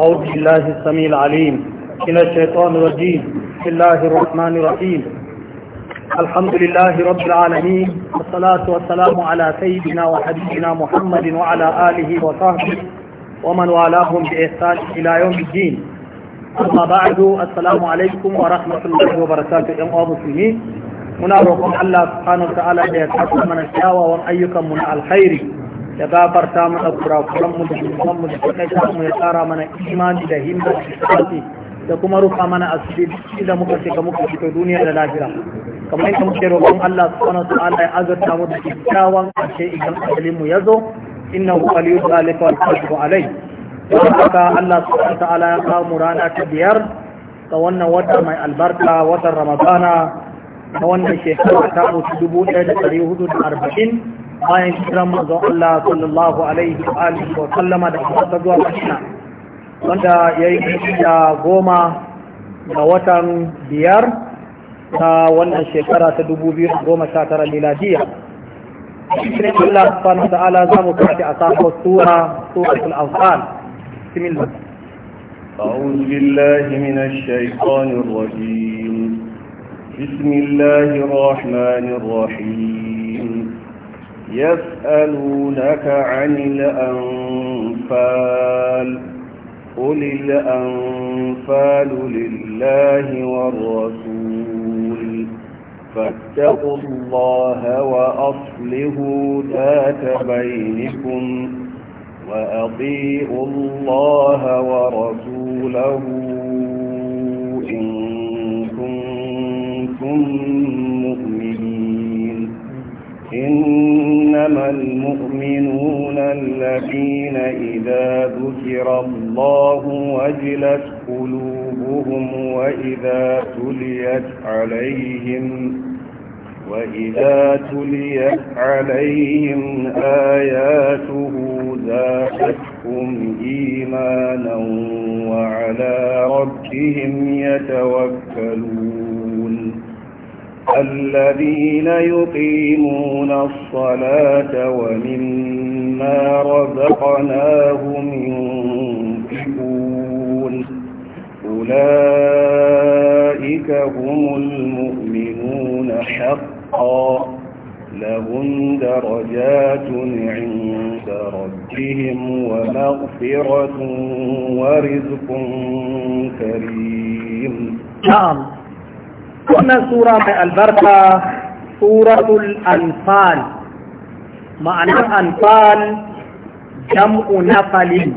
أعوذ بالله السميع العليم من الشيطان الرجيم بسم الله الرحمن الرحيم الحمد لله رب العالمين والصلاة والسلام على سيدنا وحبيبنا محمد وعلى آله وصحبه ومن والاهم بإحسان إلى يوم الدين أما بعد السلام عليكم ورحمة الله وبركاته يا المسلمين muna roƙon الله سبحانه وتعالى يتحكم من الشاوى ومن أيكم من الخير ya gafarta mana kurakuranmu da zunubanmu da kuɗaɗen mu ya tsara mana imani da himma da da kuma rufa mana asiri da muka shiga muka fito duniya da lafiya kamar yadda muke roƙon Allah subhanahu ta'ala ya azurta mu da kyakkyawan ashe idan ajalin mu yazo innahu waliyyu zalika wal qadru alai don haka Allah subhanahu ta'ala ya kawo mu rana ta biyar ga wannan wata mai albarka watan Ramadana na wannan shekara ta dubu ɗaya da ɗari hudu da arba'in bayan kiran manzon Allah sallallahu alaihi wa alihi wa sallama da kuma zuwa Madina wanda ya yi da goma ga watan biyar ta wannan shekara ta dubu biyu da goma sha tara miladiya. Shirin Allah subhanahu wa ta'ala za mu kafi a safar sura suratul Anfal. Bismillah. أعوذ بالله من الشيطان الرجيم بسم الله الرحمن الرحيم يسألونك عن الأنفال قل الأنفال لله والرسول فاتقوا الله وأصلحوا ذات بينكم وأطيعوا الله ورسوله إن كنتم إنما المؤمنون الذين إذا ذكر الله وجلت قلوبهم وإذا تليت عليهم وإذا تليت عليهم آياته زادتهم إيمانا وعلى ربهم يتوكلون الذين يقيمون الصلاة ومما رزقناهم ينفقون أولئك هم المؤمنون حقا لهم درجات عند ربهم ومغفرة ورزق كريم نعم wannan sura mai albarka suratul anfal ma'anar anfal jam'u nafalin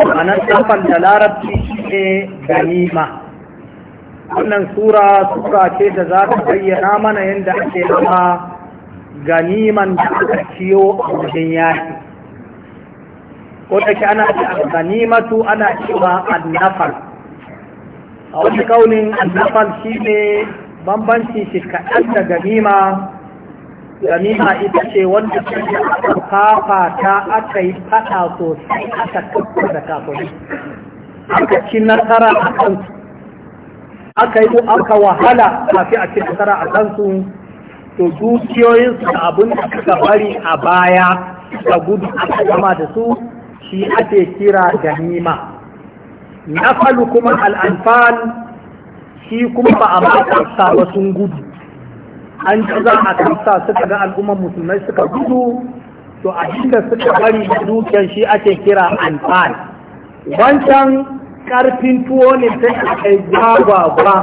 ma'anar nafal da larabci ne ganima wannan sura sura ce da za ta bayyana mana yadda ake zama ganiman da aka ciyo a wajen yaki ko da ana ce ganimatu ana cewa annafal a wani kaunin annafal shi ne bambanci shi kaɗan da ganima ganima ita ce wanda aka kafa ta aka yi faɗa sosai aka kakkur da kafin aka ci nasara a kansu aka yi aka wahala kafin a ci nasara a kansu to dukiyoyinsu da abin da suka bari a baya da gudu aka gama da su shi ake kira ganima nafalu kuma al'anfal shi kuma ba a makarsa ba sun gudu an ji za a karsa suka ga al'umman musulmai suka gudu to a inda suka bari da dukiyar shi ake kira anfal wancan karfin tuwo ne sai aka yi ba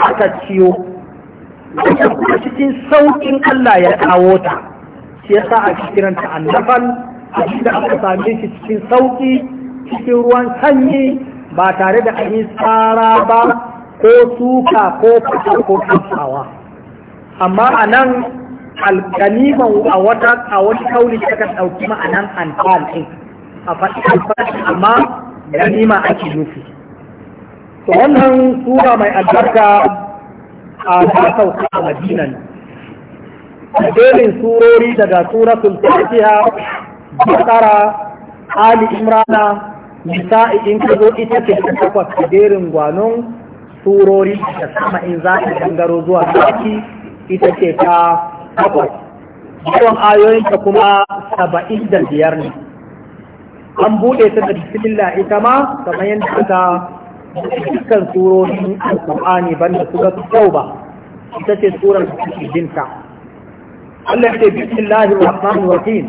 aka ciyo kuma cikin sauƙin Allah ya kawo ta shi yasa a kiranta annafal a inda aka same shi cikin sauƙi cikin ruwan sanyi ba tare da a yi tsara ba ko suka ko fata ko kasawa amma a nan alkaliman a wata a wani kauli suka ɗauki ma'anan an ɗin a faɗi alfashi amma ganima ake nufi to wannan sura mai albarka a ta sauka a madina ne surori daga suratul fatiha bakara ali imrana nisa'i in ka zo ita ce ta takwas a jerin gwanon surori da sama in za ta gangaro zuwa zaki ita ce ta takwas yawan ayoyin ta kuma saba'in da biyar ne an buɗe ta da bismillah ita ma kamar yadda aka dukkan surorin alƙur'ani banda su ga kyau ba ita ce surar da take ta Allah ya ce bismillahir rahmanir rahim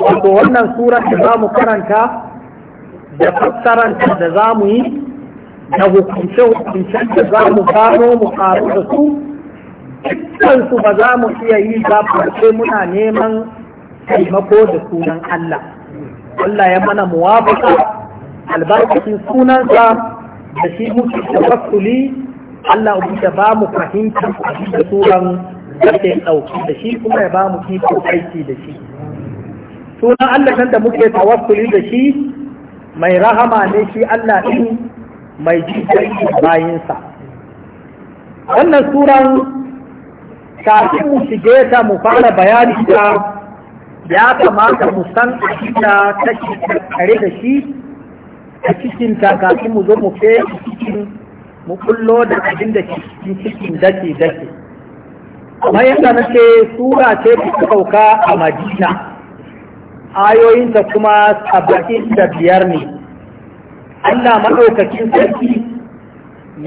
wato wannan surar da za mu karanta da fassaranta da za mu yi da hukunce-hukuncen da za mu gano mu karu da su dukkansu ba za mu iya yi ba face muna neman taimako da sunan Allah Allah ya mana muwafaka albarkacin sunansa da shi muke tawakkuli Allah ubi da ba mu fahimta da sunan da ke ɗauki da shi kuma ya ba mu kifin aiki da shi sunan Allah kan da muke tawakkuli da shi mai rahama ne shi Allah ɗin mai jikin bayinsa wannan suran kafin mu shige ta mu fara bayani ta ya kamata mu san ta take tare da shi a cikin ta kafin mu zo mu fe cikin mu kullo da abin da cikin cikin dake dake Amma yadda na ce sura ce ta sauka a madina ayoyin da kuma saba'in da biyar ne Allah maɗaukacin sarki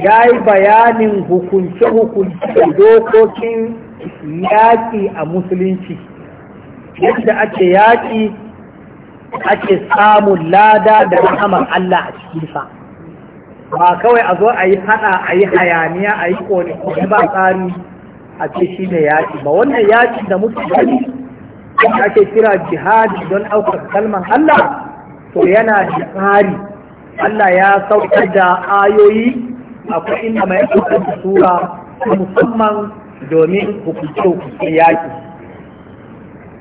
ya yi bayanin hukunce-hukunce da dokokin yaƙi a musulunci yadda ake yaƙi ake samun lada da rahamar Allah a cikinsa ba kawai a zo a yi haɗa a yi hayaniya a yi ƙone ba tsari a ce shi ne yaƙi ba wannan yaƙi da musulunci ake kira jihadi don aukar kalman Allah to yana da tsari Allah ya saukar da ayoyi akwai inda mai ɗaukar da sura musamman domin hukunce-hukunce yaƙi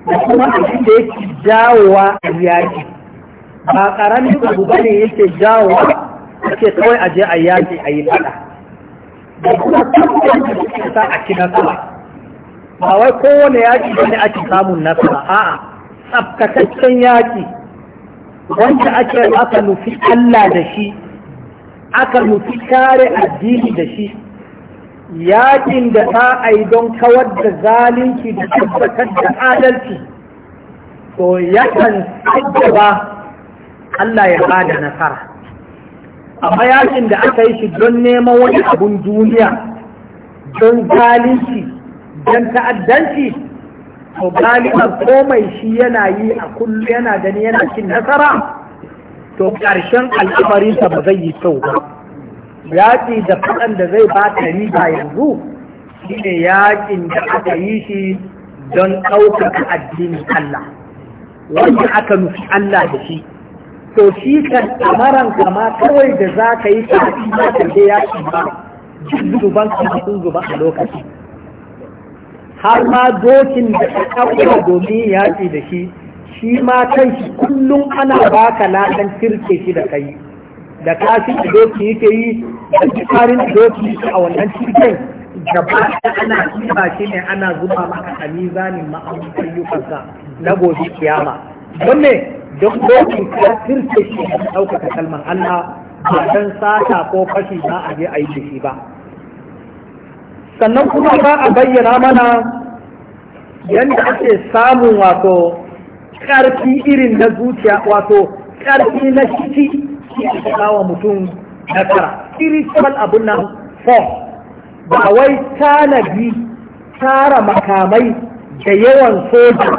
da kuma abin da yake jawowa a yaƙi ba ƙaramin abu ba ne yake jawowa ke kawai aje a yaƙi a yi faɗa da kuma kuma da sa a kina sama ba wai kowane yaƙi ba ne ake samun nasara a'a tsabtataccen yaƙi wanda ake aka nufi Allah da shi aka nufi kare addini da shi yaƙin da za a yi don kawar da zalunci da tabbatar da adalci to yakan ba Allah ya ba da nasara amma yakin da aka yi shi don neman wani abun duniya don zalunci don ta'addanci to galiban komai shi yana yi a kullu yana gani yana cin nasara to ƙarshen al'amarinsa ba zai yi kyau ba yaƙi da faɗan da zai ba ta riba yanzu shi ne yaƙin da aka yi shi don ɗaukaka addinin Allah wanda aka nufi Allah da shi to shi kan amaran kama kawai da za ka yi ta ya yaƙi ba jin zuban ka sun zuba a lokaci har ma dokin da ta ɗauka domin yaƙi da shi shi ma kan shi kullum ana baka ladan tirke shi da kai da kafi da doki yake yi da tsarin doki a wannan cikin da ba ana ba shi ne ana zuba maka a mizanin ma'amun ayyukansa na gobe kiyama don ne don doki ka tirke shi da ɗaukaka kalmar Allah ba san sata ko fashi ba a je a yi da shi ba sannan kuma za a bayyana mana yadda ake samun wato ƙarfi irin na zuciya wato ƙarfi na shi shi shiga wa mutum nasara spiritual abun nan form ba wai tanadi tara makamai da yawan soja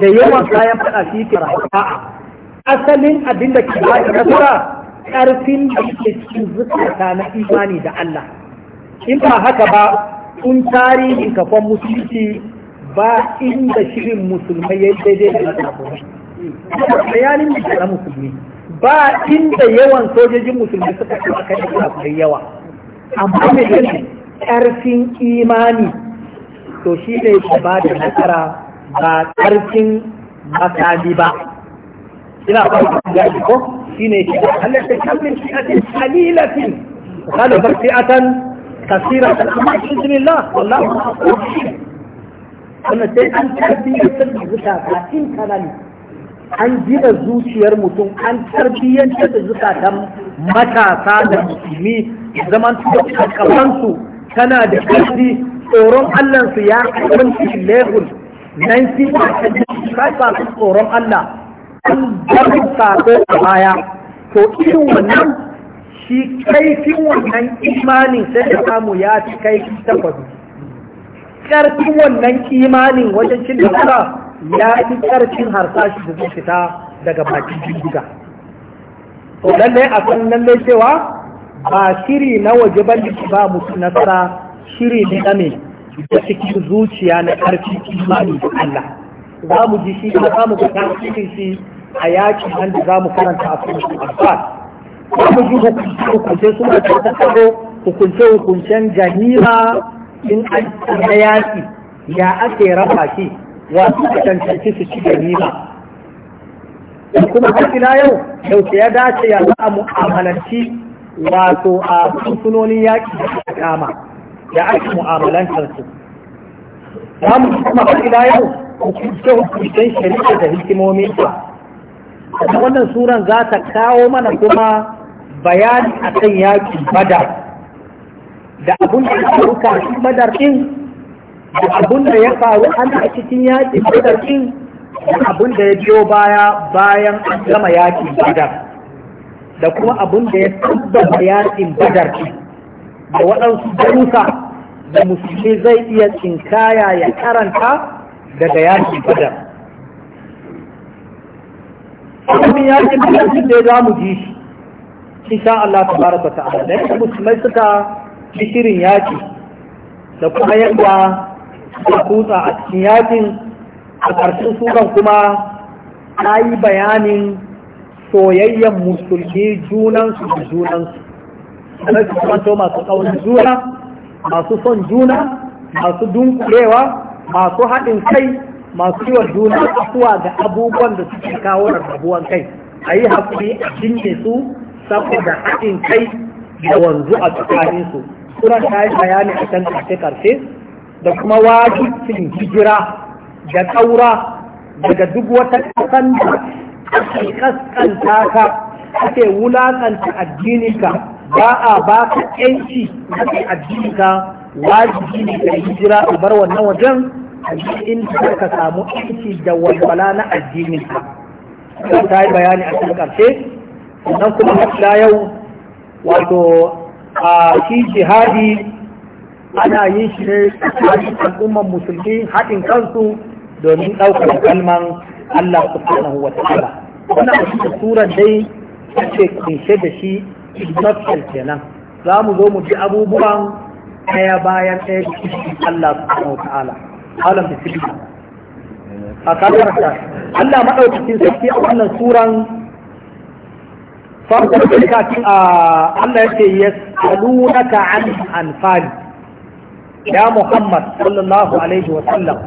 da yawan kayan faɗa shi ke asalin abin da ke ba nasara ƙarfin da ke cikin zuciya na imani da Allah in ba haka ba tun tarihin kafan musulunci ba inda shirin musulmai ya daidai da matakarai bayanin da musulmi ba inda yawan sojojin musulmi suka fi aka yi kafirai yawa amma mai yanzu ƙarfin imani to shi ne ba da nasara ba ƙarfin makami ba ina ba da ko shi ne ke halatta kammin fi'atin kalilatin kala bar fi'atan kasira da amma izinillah wallahi wannan sai an tarbiyyantar da zukata in kanani an gina zuciyar mutum an tarbiyyantar da zukatan matasa da musulmi zaman su tana da ƙarfi tsoron allansu ya kwanci lehul 95% tsoron allah an bar sako a baya to irin wannan shi kaifin wannan imanin sai da samu ya fi kaifin takwas ƙarfin wannan imanin wajen cin nasara ya fi ƙarfin harsashi da zai fita daga bakin jirgiga to lallai a san lallai cewa ba shiri na waje ba ba musu nasara shiri ne dame, da cikin zuciya na ƙarfin imani da Allah za mu ji shi za mu ga shi a yakin nan da za mu karanta a cikin kuma ji hukunce suna tattaro hukunce hukuncen jahira in an da yaki ya ake rafa shi wasu ka cancanci su ci ganima kuma har ila yau yaushe ya dace ya za a mu'amalanci wato a sunsunonin yaƙi da kama da ake mu'amalantar su za mu kuma har ila yau hukunce hukuncen shari'a da hikimomin ta wannan suran za ta kawo mana kuma bayani akan yaƙi badar da abun da ya faru kafin badar ɗin, da abun da ya faru ana a cikin yakin badar ɗin, da abun da ya biyo baya bayan an gama yaƙi badar da kuma abun da ya tabbata yakin badar ɗin da waɗansu jarusa, da musulmi zai iya tsinkaya ya karanta daga yaƙi badar. Abin yakin badar din da za mu ji shi insha Allah ta tabaraka ta'ala da yadda musulmai suka fi shirin yaki da kuma yadda suka kusa a cikin yakin a ƙarshen suran kuma ta yi bayanin soyayyen musulmi junansu da junansu sannan su to masu ƙaunar juna masu son juna masu dunkulewa masu haɗin kai masu yiwa juna asuwa ga abubuwan da suke kawo rarrabuwan kai a yi haƙuri a cinye su saboda haɗin kai da wanzu a tsakaninsu suna ta yi bayani a can karfe-karfe da kuma wajibcin hijira da ƙaura daga duk wata ƙasan da ake ƙasƙanta ka ake wulaƙanta addininka ba a ba ka ƴanci ake addininka wajibi ne ka hijira a bar wannan wajen in ka samu ƴanci da walwala na addininka. Ta yi bayani a cikin ƙarshe sannan kuma matsala yau wato a shi jihadi ana yin shi ne tsakanin al'umman musulmi haɗin kansu domin ɗaukar kalman Allah subhanahu wa ta'ala wannan a cikin surar dai ake kunshe da shi industrial kenan za mu zo mu ji abubuwan ɗaya bayan ɗaya da cikin Allah subhanahu wa ta'ala alam da a kalmar Allah maɗaukacin sarki a wannan suran farko da kafin Allah yake yas'alunaka an anfal ya Muhammad sallallahu alaihi wa sallam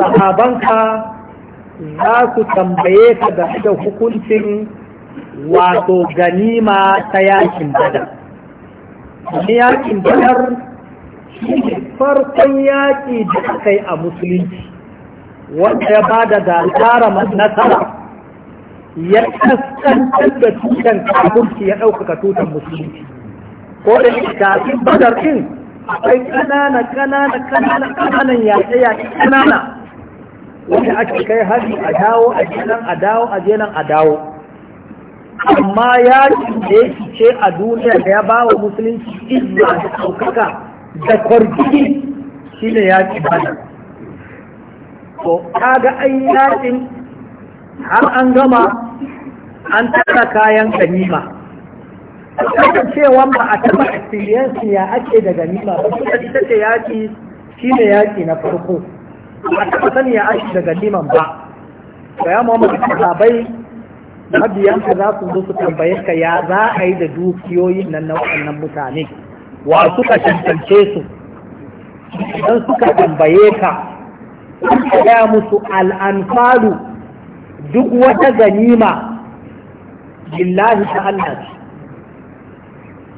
sahabanka za su tambaye ka da da hukuncin wato ganima ta yakin badar Ni yakin badar farkon yaki da aka yi a musulunci wanda ya ba da nasara ya kaskantar da tutan ya ɗaukaka tutan musulunci ko da kafin badar ɗin akwai ƙanana ƙanana ƙanana ƙananan yaƙe yaƙe wanda ake kai hari a dawo a jenan a dawo a jenan a dawo amma yaƙin da ya ce a duniya da ya ba wa musulunci izina da ɗaukaka da shi kwarjiki shine yaƙin badar ko kaga ai yaƙin har an gama an tara kayan ganima cewa ba a taba experience ya ake da ganima ba kuma ita ce yaƙi shi ne yaƙi na farko a taba sani ya ake da ganiman ba ba ya muhammad sahabai mabiyanka za su zo su tambaye ka ya za a yi da dukiyoyin nan na waɗannan mutane wa suka cancance su idan suka tambaye ka Ya gaya musu al'anfalu duk wata ganima lillahi ta Allah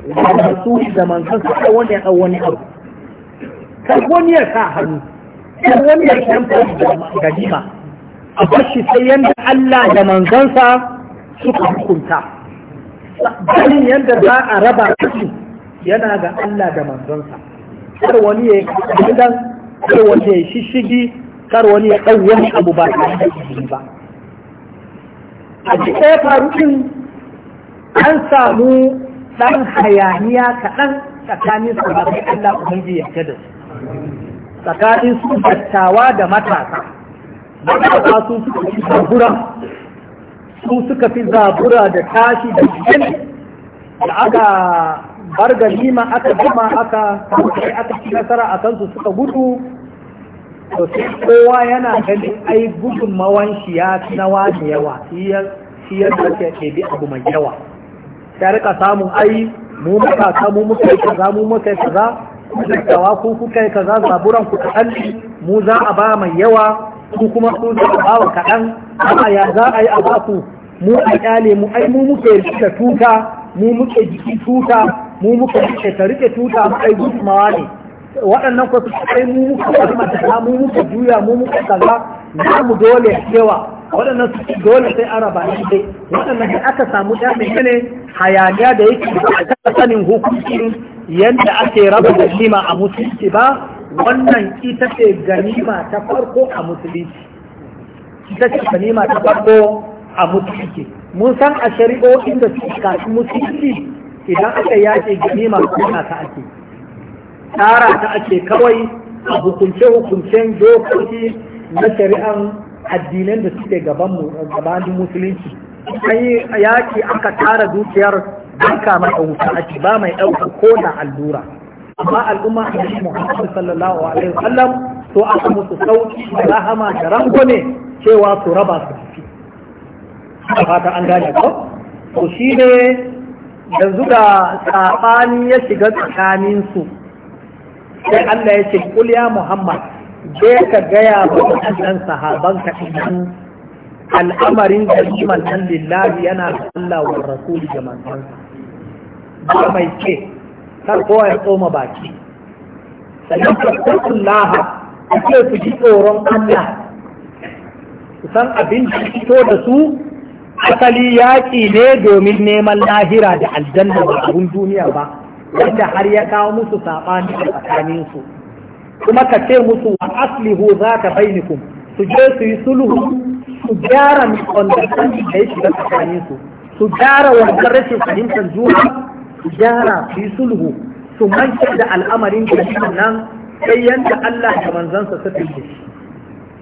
ce wanda su da manzon su da wanda ya ɗau wani abu kar wani ya sa hannu kar wani ya kamfa ganima a bashi sai yanda Allah da manzansa suka hukunta barin yanda za a raba kashi yana ga Allah da manzansa kar wani ya yi kar wani ya shishigi kar wani ya ɗau wani abu ba tare da ba a cikin farukin, an samu ɗan hayaniya kaɗan tsakanin su ba sai Allah Ubangiji ya da su tsakanin su dattawa da matasa matasa su suka fi zabura su suka fi zabura da tashi da jikin da aka bar aka gama aka aka ci nasara a kansu suka gudu to sai kowa yana ganin ai gudun shi ya nawa da yawa shi ya sake ɗebi abu mai yawa sai rika samun ai mu muka samu muka yi kaza mu muka yi kaza dattawa ku kuka yi kaza zaburan ku kaɗan mu za a ba mai yawa ku kuma ku za a ba wa kaɗan amma ya za a yi a ba ku mu a ƙyale mu ai mu muke rike tuta mu muke jiki tuta mu muke yi ta rike tuta mu ai mawa ne waɗannan ko su kai mu muka ta, mu muka juya mu muka kaza za mu dole cewa waɗannan su dole sai araba raba shi dai waɗannan sai aka samu ɗan mai ne hayaniya da yake da ta sanin hukuncin yadda ake raba da shima a musulunci ba wannan ita ce ganima ta farko a musulunci ita ce ganima ta farko a musulunci mun san a shari'o'in da suka kasu musulunci idan aka yaƙi ganima kuma ta ake tara ta ake kawai a hukunce-hukuncen dokoki na shari'an addinan da suke gaban gabanin musulunci an yi yaƙi aka tara dukiyar duka mai wuta a ba mai ɗauka ko da allura amma al'umma a yi muhammadu sallallahu alaihi wasallam to aka musu sauki da rahama da rangwame cewa su raba su tafi a fata an gane ko to shi ne yanzu da saɓani ya shiga tsakaninsu sai Allah ya ce kul ya Muhammad je ka gaya wa wannan sahaban ka al'amarin galiman nan lillahi yana Allah wa rasuli da manzansa ba mai ce kar kowa ya tsoma baki sannan ka kullaha ce su ji tsoron Allah san abin da fito da su asali yaƙi ne domin neman lahira da aljanna ba abun duniya ba wanda har ya kawo musu saɓani a tsakaninsu kuma ka ce musu wa aslihu za ka bainikum su je su yi sulhu su gyara misunderstanding da ya shiga tsakaninsu su gyara wannan rashin fahimtar juna su gyara su yi sulhu su manke da al'amarin da nan sai yanda Allah da manzansa suka yi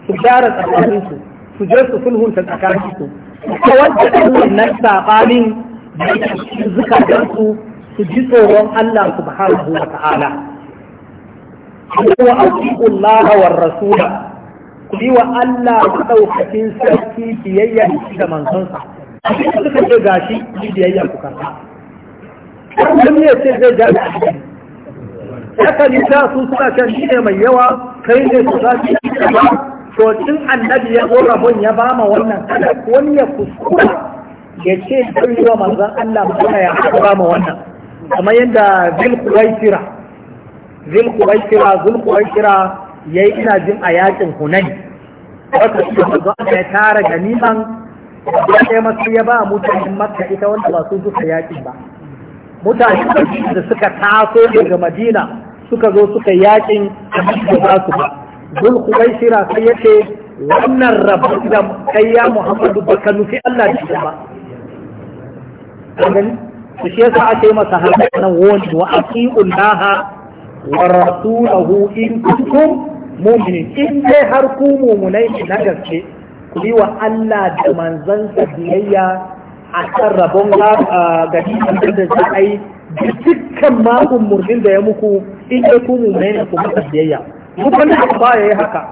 su gyara tsakaninsu su je su sulhunta tsakaninsu su kawar da wannan saɓanin da ya shiga su ji tsoron Allah subhanahu wa ta'ala Kuma atiqu Allah war rasul ku yi wa Allah madaukakin sarki biyayya da manzonsa abin da suka ce gashi ni biyayya ku karba kun ne ce zai ga a ni ta su suka ce ne mai yawa kai ne su za ki to cin annabi ya zo rabon ya ba ma wannan kada wani ya kuskura ya ce zai yi wa manzon Allah mutum ya ba ma wannan kamar yadda zilkuwaisira zilkuwaisira zilkuwaisira ya yi ina jin a yakin hunani wata shi da aka ya tara ganiman ya ce masu ya ba mutanen makka ita wanda ba su duka yakin ba mutane da suka taso daga madina suka zo suka yakin da za su ba zilkuwaisira sai ce wannan rabu da kai ya muhammadu baka nufi allah da shi ba su shi yasa aka yi masa harkar nan wani wa aqiqul laha wa rasulahu in kuntum mu'minin in dai har ku mu'minai na gaske ku yi wa Allah da sa biyayya a kan rabon gari da za a yi da dukkan makon murnin da ya muku in dai ku mu'minai ne ku masa biyayya duk wanda ba ya yi haka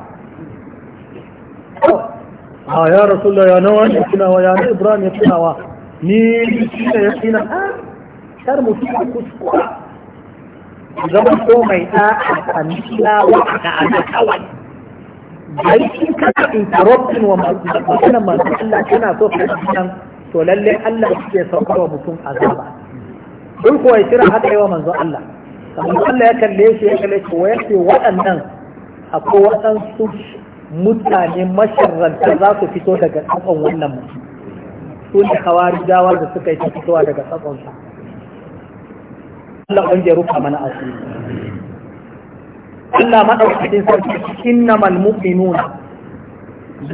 oh. a ah, ya rasulullah ya nawa ya tunawa ya ibrahim ya tunawa ni da ya tsina a ah, kar mutum ya kuskura zama ko mai ɗa'a a milawa na ana kawai aikin kana interrupting wa masu maganan masu Allah kana so ka nan to lalle Allah ke saukar wa mutum azaba duk kuwa ya kira haka yawa manzo Allah kamar Allah ya kalle shi ya kalle shi wa yace waɗannan akwai waɗansu mutane masharranta za su fito daga ƙasan wannan mutum su ne hawari dawar da suka yi ta fitowa daga tsakonsa Allah wanda ya rufa mana asiri Allah maɗaukakin sarki innamal mu'minuna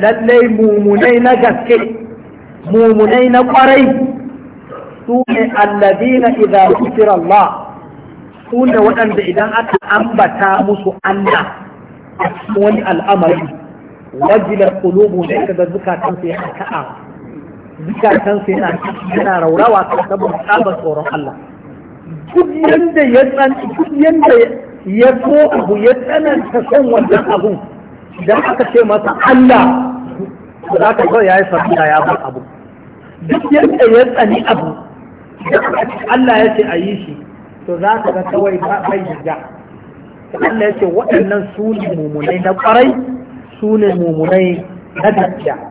lallai mumunai na gaske mumunai na kwarai su ne allazina idza idan Allah su ne waɗanda idan aka ambata musu Allah a cikin wani al'amari wajilar kulubu da ita kaga zukatan sai aka zukatansu yana yana raurawa saboda tsabar tsoron Allah duk yanda ya tsanci duk yanda ya so abu ya tsananta son wannan abu da aka ce masa Allah za ka zo ya yi fasiya ya bar abu duk yadda ya tsani abu da aka ce Allah ya ce a yi shi to za ka ga kawai ba kai shiga Allah ya ce waɗannan su ne mumunai na ƙwarai su ne mumunai na gaskiya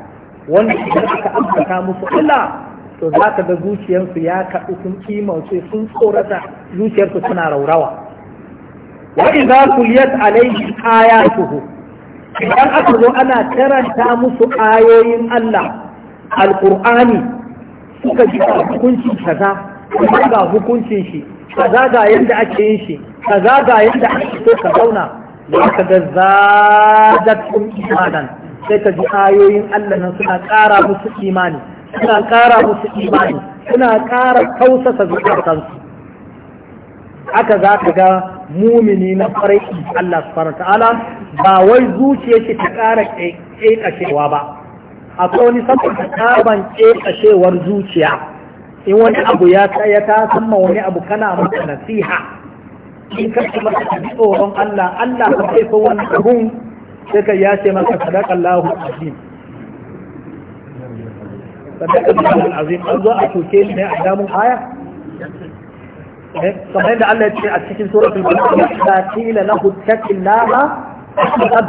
wanda idan aka ambata musu Allah to za ka ga zuciyarsu ya kaɗu sun kimauce sun tsorata zuciyarsu suna raurawa wa idza kuliyat alaihim ayatuhu idan aka zo ana karanta musu ayoyin Allah alqur'ani suka ji hukuncin kaza kuma ga hukuncin shi kaza ga yadda ake yin shi kaza ga yadda ake so ka zauna za ka ga zadatun imanan sai ka ji ayoyin Allah nan suna ƙara musu imani suna ƙara musu imani suna ƙara tausasa zukatansu aka za ka ga mumini na farai Allah subhanahu ta'ala ba wai zuciya ce ta ƙara ƙeƙashewa ba A wani saboda ƙaban ƙeƙashewar zuciya in wani abu ya tsaya ta samma wani abu kana masa nasiha in ka kuma tsoron Allah Allah ka kai wani abun sai Kai ya ce maka sadaka Allahu azim sadaka Allahu azim an zo a tuke ne a damun aya eh, kamar yadda Allah ya ce a cikin suratul baqara ta qila lahu taqillaha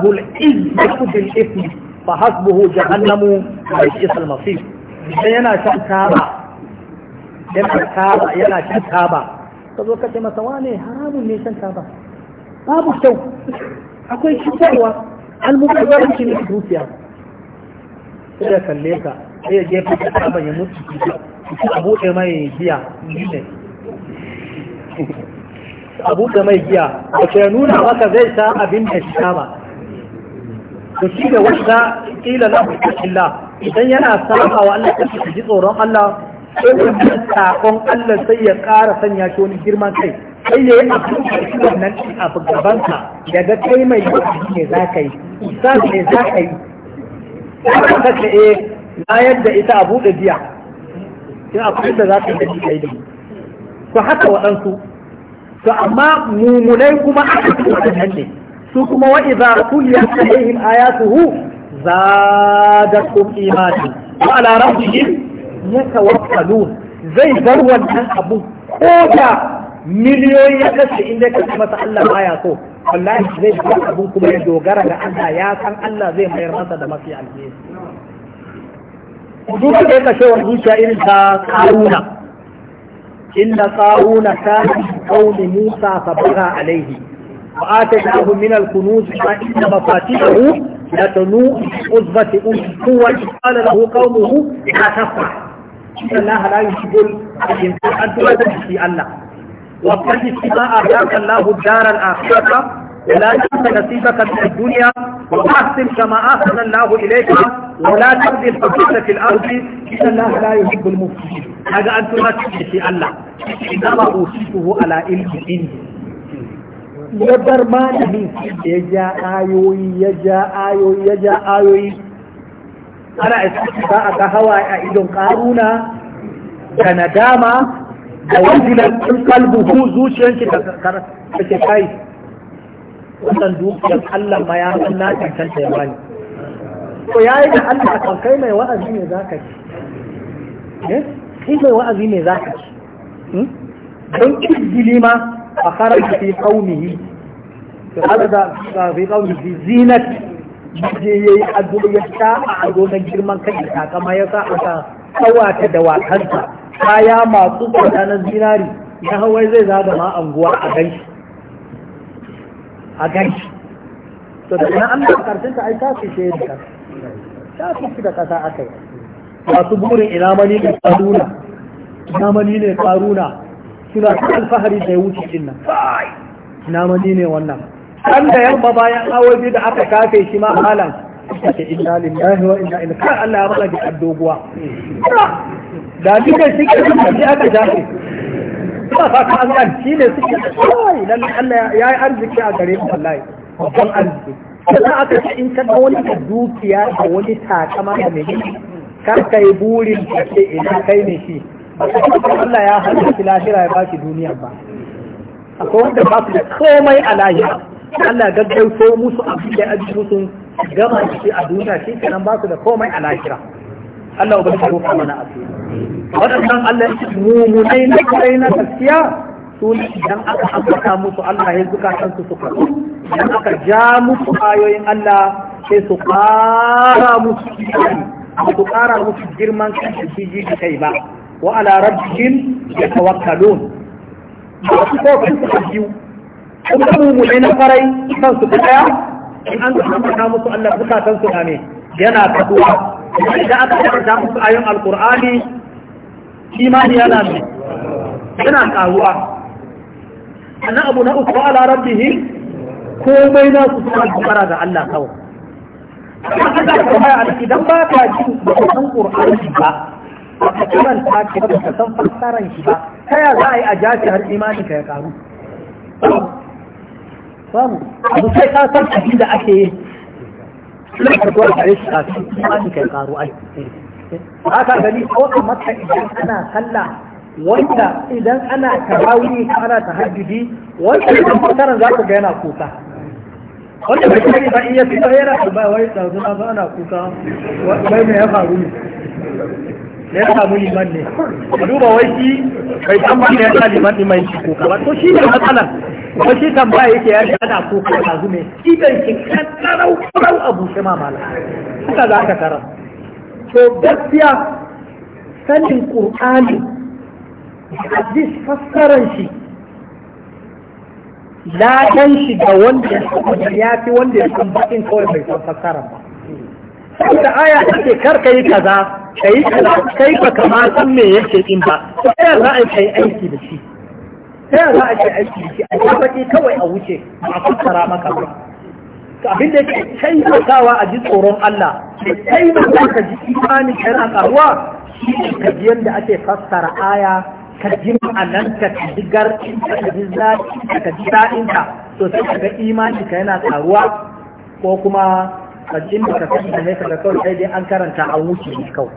al-ithm fa hasbuhu jahannam wa وبئس masir sai yana shan taba yana taba yana shan taba ka zo ka ce masa wane haramun ne shan taba babu kyau akwai cutarwa almubazzaranci ne dukiya sai ya kalle ka sai ya jefa ta tsaban ya mutu ki a buɗe mai giya ne a buɗe mai giya wace ya nuna maka zai sa abin da shi kama to shi da wata kila na hukuncilla idan yana saba wa Allah ta ji tsoron Allah sai ya sakon Allah sai ya ƙara sanya shi wani girman kai sai ya yi da shi wannan abu gabanka ya ga kai mai yi ne za ka yi ustaz ne za ka yi aka ce eh na yadda ita a buɗe biya in akwai da za ka yi kai da to haka waɗansu to amma mumunai kuma aka ci waɗannan ne su kuma yi su Za wa idza tuliya alaihim ayatuhu zadatum imani wa ala rabbihim yatawakkalun zai bar wannan abu ko da miliyoyi ya kashe in dai kashe masa Allah baya so wallahi zai ji abin kuma ya dogara ga Allah ya san Allah zai mayar masa da mafi alheri duka da ya kashe wa zuciya irin ta karuna inna qaruna kana qaumi Musa fa baga alaihi wa atainahu min al-kunuz fa inna mafatihahu latunu uzbati um quwwati qala lahu qaumuhu la tafrah inna Allah la yuhibbul al-insan addu'a fi Allah وقد ما آتاك الله الدار الآخرة ولا تنس نصيبك من الدنيا وأحسن كما أحسن الله إليك ولا تبذل الفساد في الأرض إن الله لا يحب المفسدين هذا أنت ما في الله إنما أوصيته على علم عندي wadar malamin ya ja ayoyi ya ja ayoyi ya ja ayoyi ana isa za a ga hawa a idon karuna da nadama da wajilan in kalbuhu zuciyar da karkar take kai wannan dukiyar Allah ma ya san na cancanta ya bani to yayi da Allah kan kai mai wa'azi ne zaka ci eh kai mai wa'azi ne zaka ci don kizgili ma a karanta fi qaumihi to hada fi qaumihi zinat je yayi addu'a ya ta a gonan girman kai ta kama ya sa aka kawata da wakansa kaya masu kwada na zinari ya hawai zai zaga ma anguwa a shi a shi to da ina an da karshen ta aika su shi da kasa ta fi shi da kasa aka yi masu burin ina mani ne karuna ina mani ne karuna suna ta alfahari da ya wuce din nan ina mani ne wannan kan da yamma bayan awoji da aka kafe shi ma halan suka ce inna lillahi wa inna ilaihi kar Allah ya rada da doguwa da duka suke da aka jafe ba fa ka an shi ne suke kai lalle Allah ya yi arziki a gare mu wallahi babban arziki sai aka ce in ka ga wani dukiya da wani takama da mai kar ka yi burin ka ce ina kai ne shi Allah ya hada shi lahira ya bashi duniya ba akwai wanda ba su da komai a lahira Allah gaggauto musu abin da ya aji musu gama shi a duniya shi kenan ba su da komai a lahira Allah ba shi rufa mana asiri wadannan Allah mumunai na kai na gaskiya su idan aka ambata musu Allah ya san su suka idan aka ja musu ayoyin Allah sai su ƙara musu girman su fara musu girman kan shi ji kai ba wa ala rabbihim yatawakkalun ba su ko su ji kuma mumunai na farai kan su daya in an ambata musu Allah bukatan su ne yana kaduwa idan aka karanta musu ayoyin alqur'ani imani yana ne yana karuwa annan abu na uku ala rabbihi komai na su suna dogara ga Allah kawai haka da kuma idan ba ka ji da san qur'ani ba ba ka kiran ta ka san fassaran shi ba ta ya za a yi a jashi har imani ka ya karu samu abu sai ka san abin da ake yi kuma karkuwar kare shi a cikin kuma su kai karo ai haka gani ko a maka idan ana sallah wanda idan ana tarawih ana tahajjudi wanda idan fasaran za ka ga yana kuka wanda bai kai ba iya fito yana ba wai da zuwa ana kuka wai me ya faru ne ya samu liman ne ka duba wai shi kai san wanda ya sa liman din mai ko ba to shi ne matsalar ko shi tambaya yake ya ana ko ka zume shi idan shi kan tarau tarau abu sai ma mala haka za ka tarar to gaskiya sanin qur'ani hadis fassaran shi ladan shi ga wanda ya fi wanda ya san bakin kawai bai san fassara ba da aya take karka yi kaza kai kai ba kama san me yake din ba sai za a kai aiki da shi sai za a kai aiki da shi a ke kawai a wuce ba a fassara maka ba abin da yake taimakawa a ji tsoron Allah da taimaka ka ji imani kana karuwa shi ne ji da ake fassara aya ka ji ma'ananta ka ji ka ji zaɗinta ka ji to sai ka ga imani ka yana karuwa ko kuma kajin da ka sani da nesa da kawai sai dai an karanta an wuce ne kawai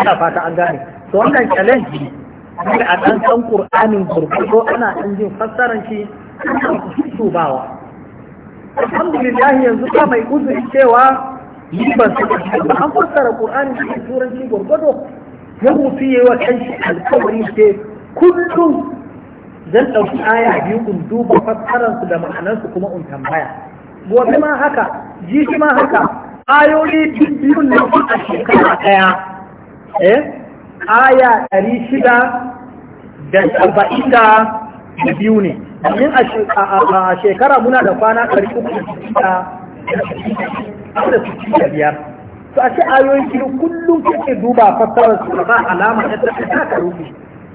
ina fata an gane to wannan challenge ne a ɗan san ƙur'anin gurgurdo ana ɗan jin fassaran shi ana tubawa alhamdulillah yanzu ba mai uzuri cewa yi ba su ba an fassara ƙur'anin shi turanci gurgurdo ya mutu yi wa shi alkawari ce kullum zan ɗauki aya biyu in duba fassararsu da ma'anarsu kuma in tambaya gobe ma haka jiki ma haka ayoyi biyun na a shekara ɗaya eh aya ɗari shida da arba'in da biyu ne domin a shekara muna da kwana ɗari uku da da biyar to a ce ayoyi kullum kake duba fassarar su ba alama ta ta ka rufe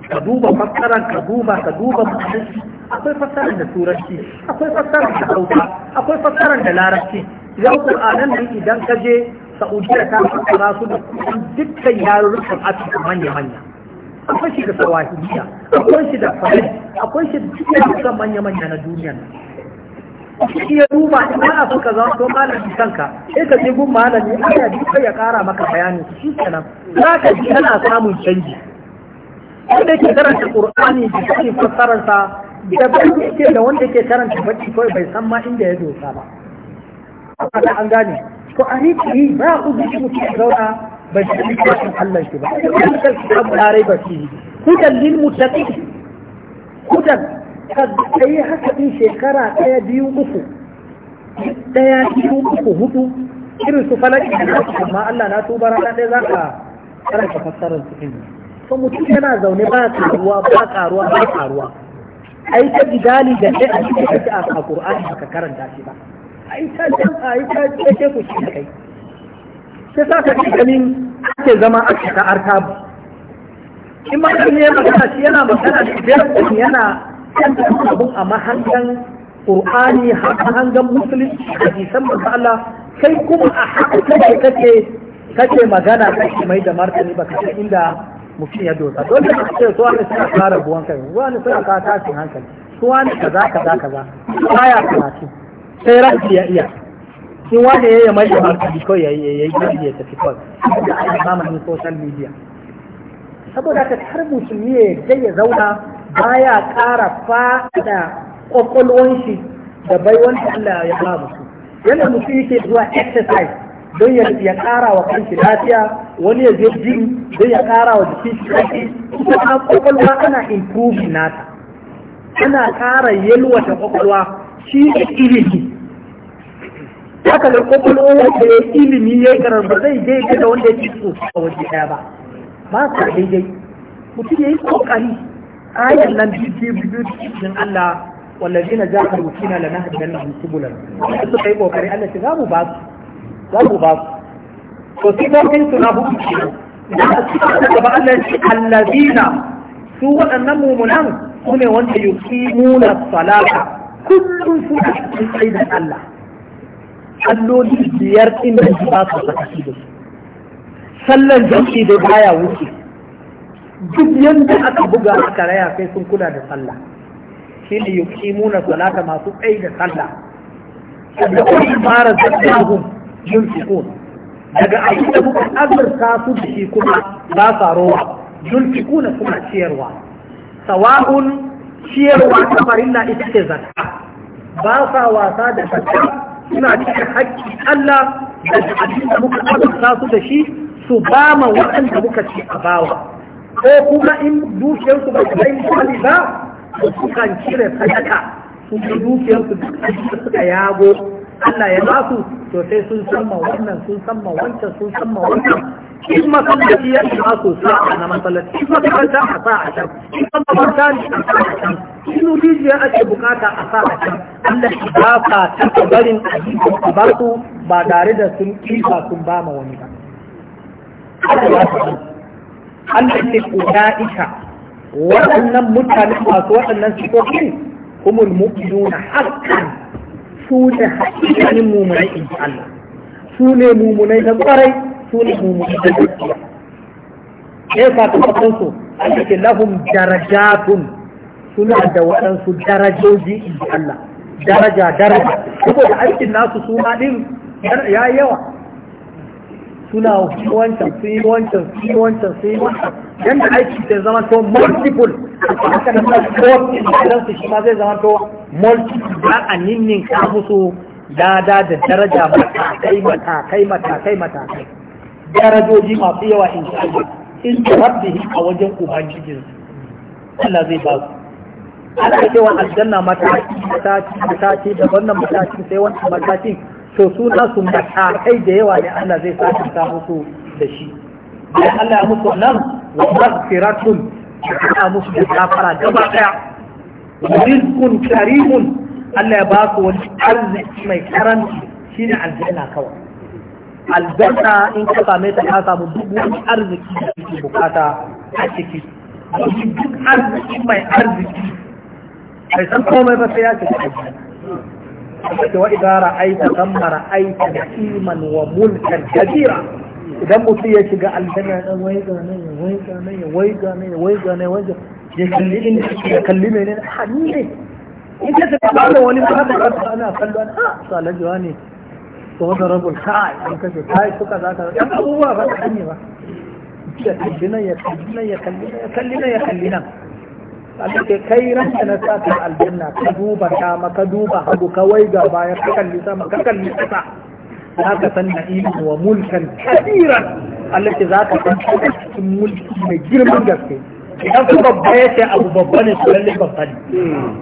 ka duba fassara ka duba ka duba mutunci akwai fassara da turanci akwai fassara da hausa akwai fassara da larabci ya qur'anan ne idan ka je saudiya ta fassara su da dukkan yarurrukan afirka manya manya akwai shi da sawahiliya akwai shi da fahim akwai shi da dukkan manya manya na duniya shi ya duba ina a suka zama to malami kanka sai ka je gun malami ana ji ya kara maka bayani shi kenan za ka ji kana samun canji wanda yake karanta qur'ani da shi fassararsa da ban yake da wanda yake karanta bacci kawai bai san ma inda ya dosa ba haka an gane to a riki ba ku uzu shi mutum zauna bai shi cikin Allah shi ba kan kan kan tare ba shi hudan lil muttaqin hudan kai haka din shekara daya biyu uku daya biyu uku hudu irin su falaki da amma Allah na tuba rana ɗaya za ka karanta fassarar su inda to mutum yana zaune ba karuwa ba karuwa ba karuwa ai ta gidali da kai a cikin kake a Qur'ani ka karanta shi ba ai ta dan ai ta kake ku shi kai sai sa ka ganin ake zama a cikin artabu in ma kan yana magana shi yana magana shi da yana abun a mahangan Qur'ani mahangan musulunci hadisan manzo Allah kai kuma a haka kake kake magana kake mai da martani baka san inda mutum ya dosa dole ka ce su wani suna kawo buwan kai su wani suna kawo tashin hankali su wani kaza kaza kaza baya karatu sai rafi ya iya in wani ya yi mai da hankali kawai ya yi ya yi ya tafi kawai da ake zamanin social media saboda ka har musulmi ya yadda ya zauna baya ƙara faɗa ƙwaƙwalwan shi da bai wani Allah ya ba musu yana mutum yake zuwa exercise don ya kara wa kanki lafiya wani ya je jin don ya kara wa jikin shi ƙarfi kuma kwakwalwa ana improve nata ana yalwa ta kwakwalwa shi ne ilimi haka da kwakwalwa wanda ya ilimi ya yi karar ba zai daidai da wanda ya ci so a waje daya ba ba sa daidai mutum ya yi kokari ayan nan biyu biyu cikin Allah wallazina ja'alu fina lanahdiyannahum subulan suka yi kokari Allah shi za mu ba su za ku ba su to sifofin su na hudu ke nan da su gaba Allah shi allazina su waɗannan mumunan su ne wanda yuqimuna salata kullum su a cikin aidan Allah alloli biyar ɗin da su ba su sakaci da su sallan jami'i da baya wuce duk yadda aka buga a karaya sai sun kula da sallah shi ne yuqimuna salata masu tsaye da sallah da kuma fara zakahum yunfiqun daga abin da muka azurta su da shi kuma ba sa rowa yunfiquna suna ciyarwa sawa'un ciyarwa ta na ita ce basa wasa da zakka suna cika haƙƙi Allah da abin da muka azurta su da shi su ba waɗanda muka ci a bawa ko kuma in dukiyarsu ba su kai misali ba su kan cire sadaka su dukiyarsu duk suka yago Allah ya ba su to sai sun san ma wannan sun san ma wancan sun san ma wancan in masallaci ya ba su sa'a na masallaci in makaranta a sa'a can in makaranta ne a sa'a can in rijiya ake bukata a sa'a can Allah ya ba ka taɓa barin ayyukan a ba su ba tare da sun kifa sun ba ma wani ba. Allah ya ce ulaika waɗannan mutane masu waɗannan sifofin humul mu'minuna hakan. su ne hakikanin mumunai in Allah su ne mumunai na kwarai su ne mumunai na gaskiya ya sa ta kasan su Allah ke lahum darajatun suna da waɗansu darajoji in ji Allah daraja daraja saboda aikin nasu suna ɗin ya yawa suna wancan sun yi wancan sun yi wancan sun yi wancan yadda aiki zai zama to multiple haka da kuma kowace idan su shi ma zai zama to multiple za a ninnin ka musu dada da daraja matakai matakai matakai matakai darajoji masu yawa in sha Allah in rabbihi a wajen ubangijin Allah zai ba su ana cewa aljanna mataki mataki mataki da wannan matakin sai wannan matakin to suna su kai da yawa ne Allah zai sasanta musu da shi dan Allah ya musu nan wa maghfiratun ya musu da gafara gaba daya rizqun karimun Allah ya ba su wani arziki mai karanci shine aljanna kawai aljanna in ka same ta ka samu duk wani arziki da kake bukata a ciki duk arziki mai arziki bai san komai ba sai ya ce aljanna da wa idza ra'aita kamma ra'aita iman wa mulkan kabira idan mutum ya shiga aljanna dan wai ga ya wai ga ya wai ga ya wai ga nan ya kalli din ya kalli mene ne ha ni ne in ka ta ba da wani ba da ana kallo an ha salajuwa ne to wata rabul kai an kace kai suka za ka yan abubuwa ba ka ne ba ya kalli nan ya kalli nan ya kalli nan ya kalli nan ya kalli nan Allah ke kai ranka na sata aljanna ka duba dama ka duba hagu ka waiga baya ka kalli sama ka kalli kasa za ka san na'imin wa mulkan kabiran Allah ke za ka san cikin mulki mai girman gaske idan ku babba ya ce abu babba ne su lalle babba ne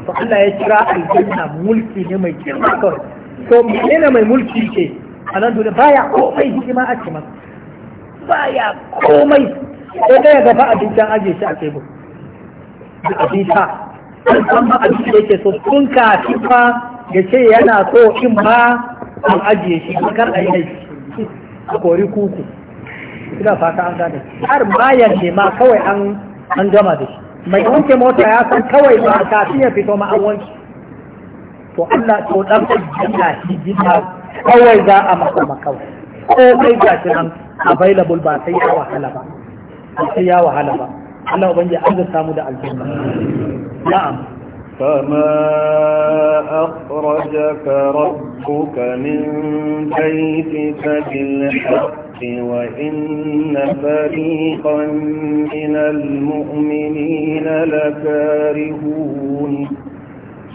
to Allah ya kira aljanna mulki ne mai girma kawai to menene mai mulki ke a nan duniya baya komai hikima a ce masa baya komai sai dai ya gaba abincin ajiye shi a tebur da abin sha san ba abin da yake so tun kafin ma ya ce yana so in ma an ajiye shi kar a yi laifi a kori kuku ina fata an gane har bayan ne ma kawai an an gama da shi mai wanke mota ya san kawai ba kafin ya fito ma an wanke to Allah to dan jinna shi jinna kawai za a maka makawai ko kai ga shi nan available ba sai ya wahala ba sai ya wahala ba Allah ubangiji azurta mu da aljanna na'am فما أخرجك ربك من بيتك بالحق وإن فريقا من المؤمنين لكارهون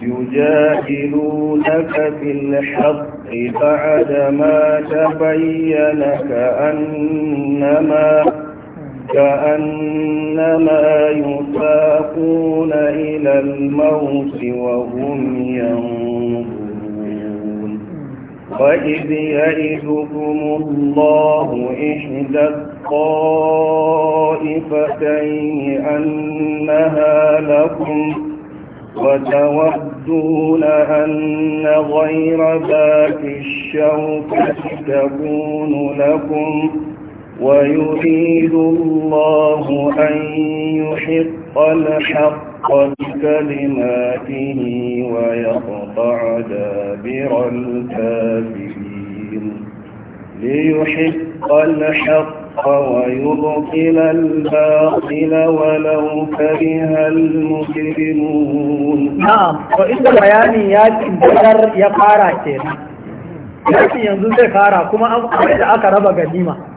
يجادلونك في الحق بعدما تبين كأنما كأنما يساقون إلى الموت وهم ينظرون وإذ يئذكم الله إحدى الطائفتين أنها لكم وتودون أن غير ذات الشوكة تكون لكم ويريد الله أن يحق الحق بكلماته ويقطع دابر الكافرين ليحق الحق ويبطل الباطل ولو كره المجرمون نعم وإن البيان ياتي بشر يقارع كيف ياتي ينزل كما أبقى إذا أكرب غنيمة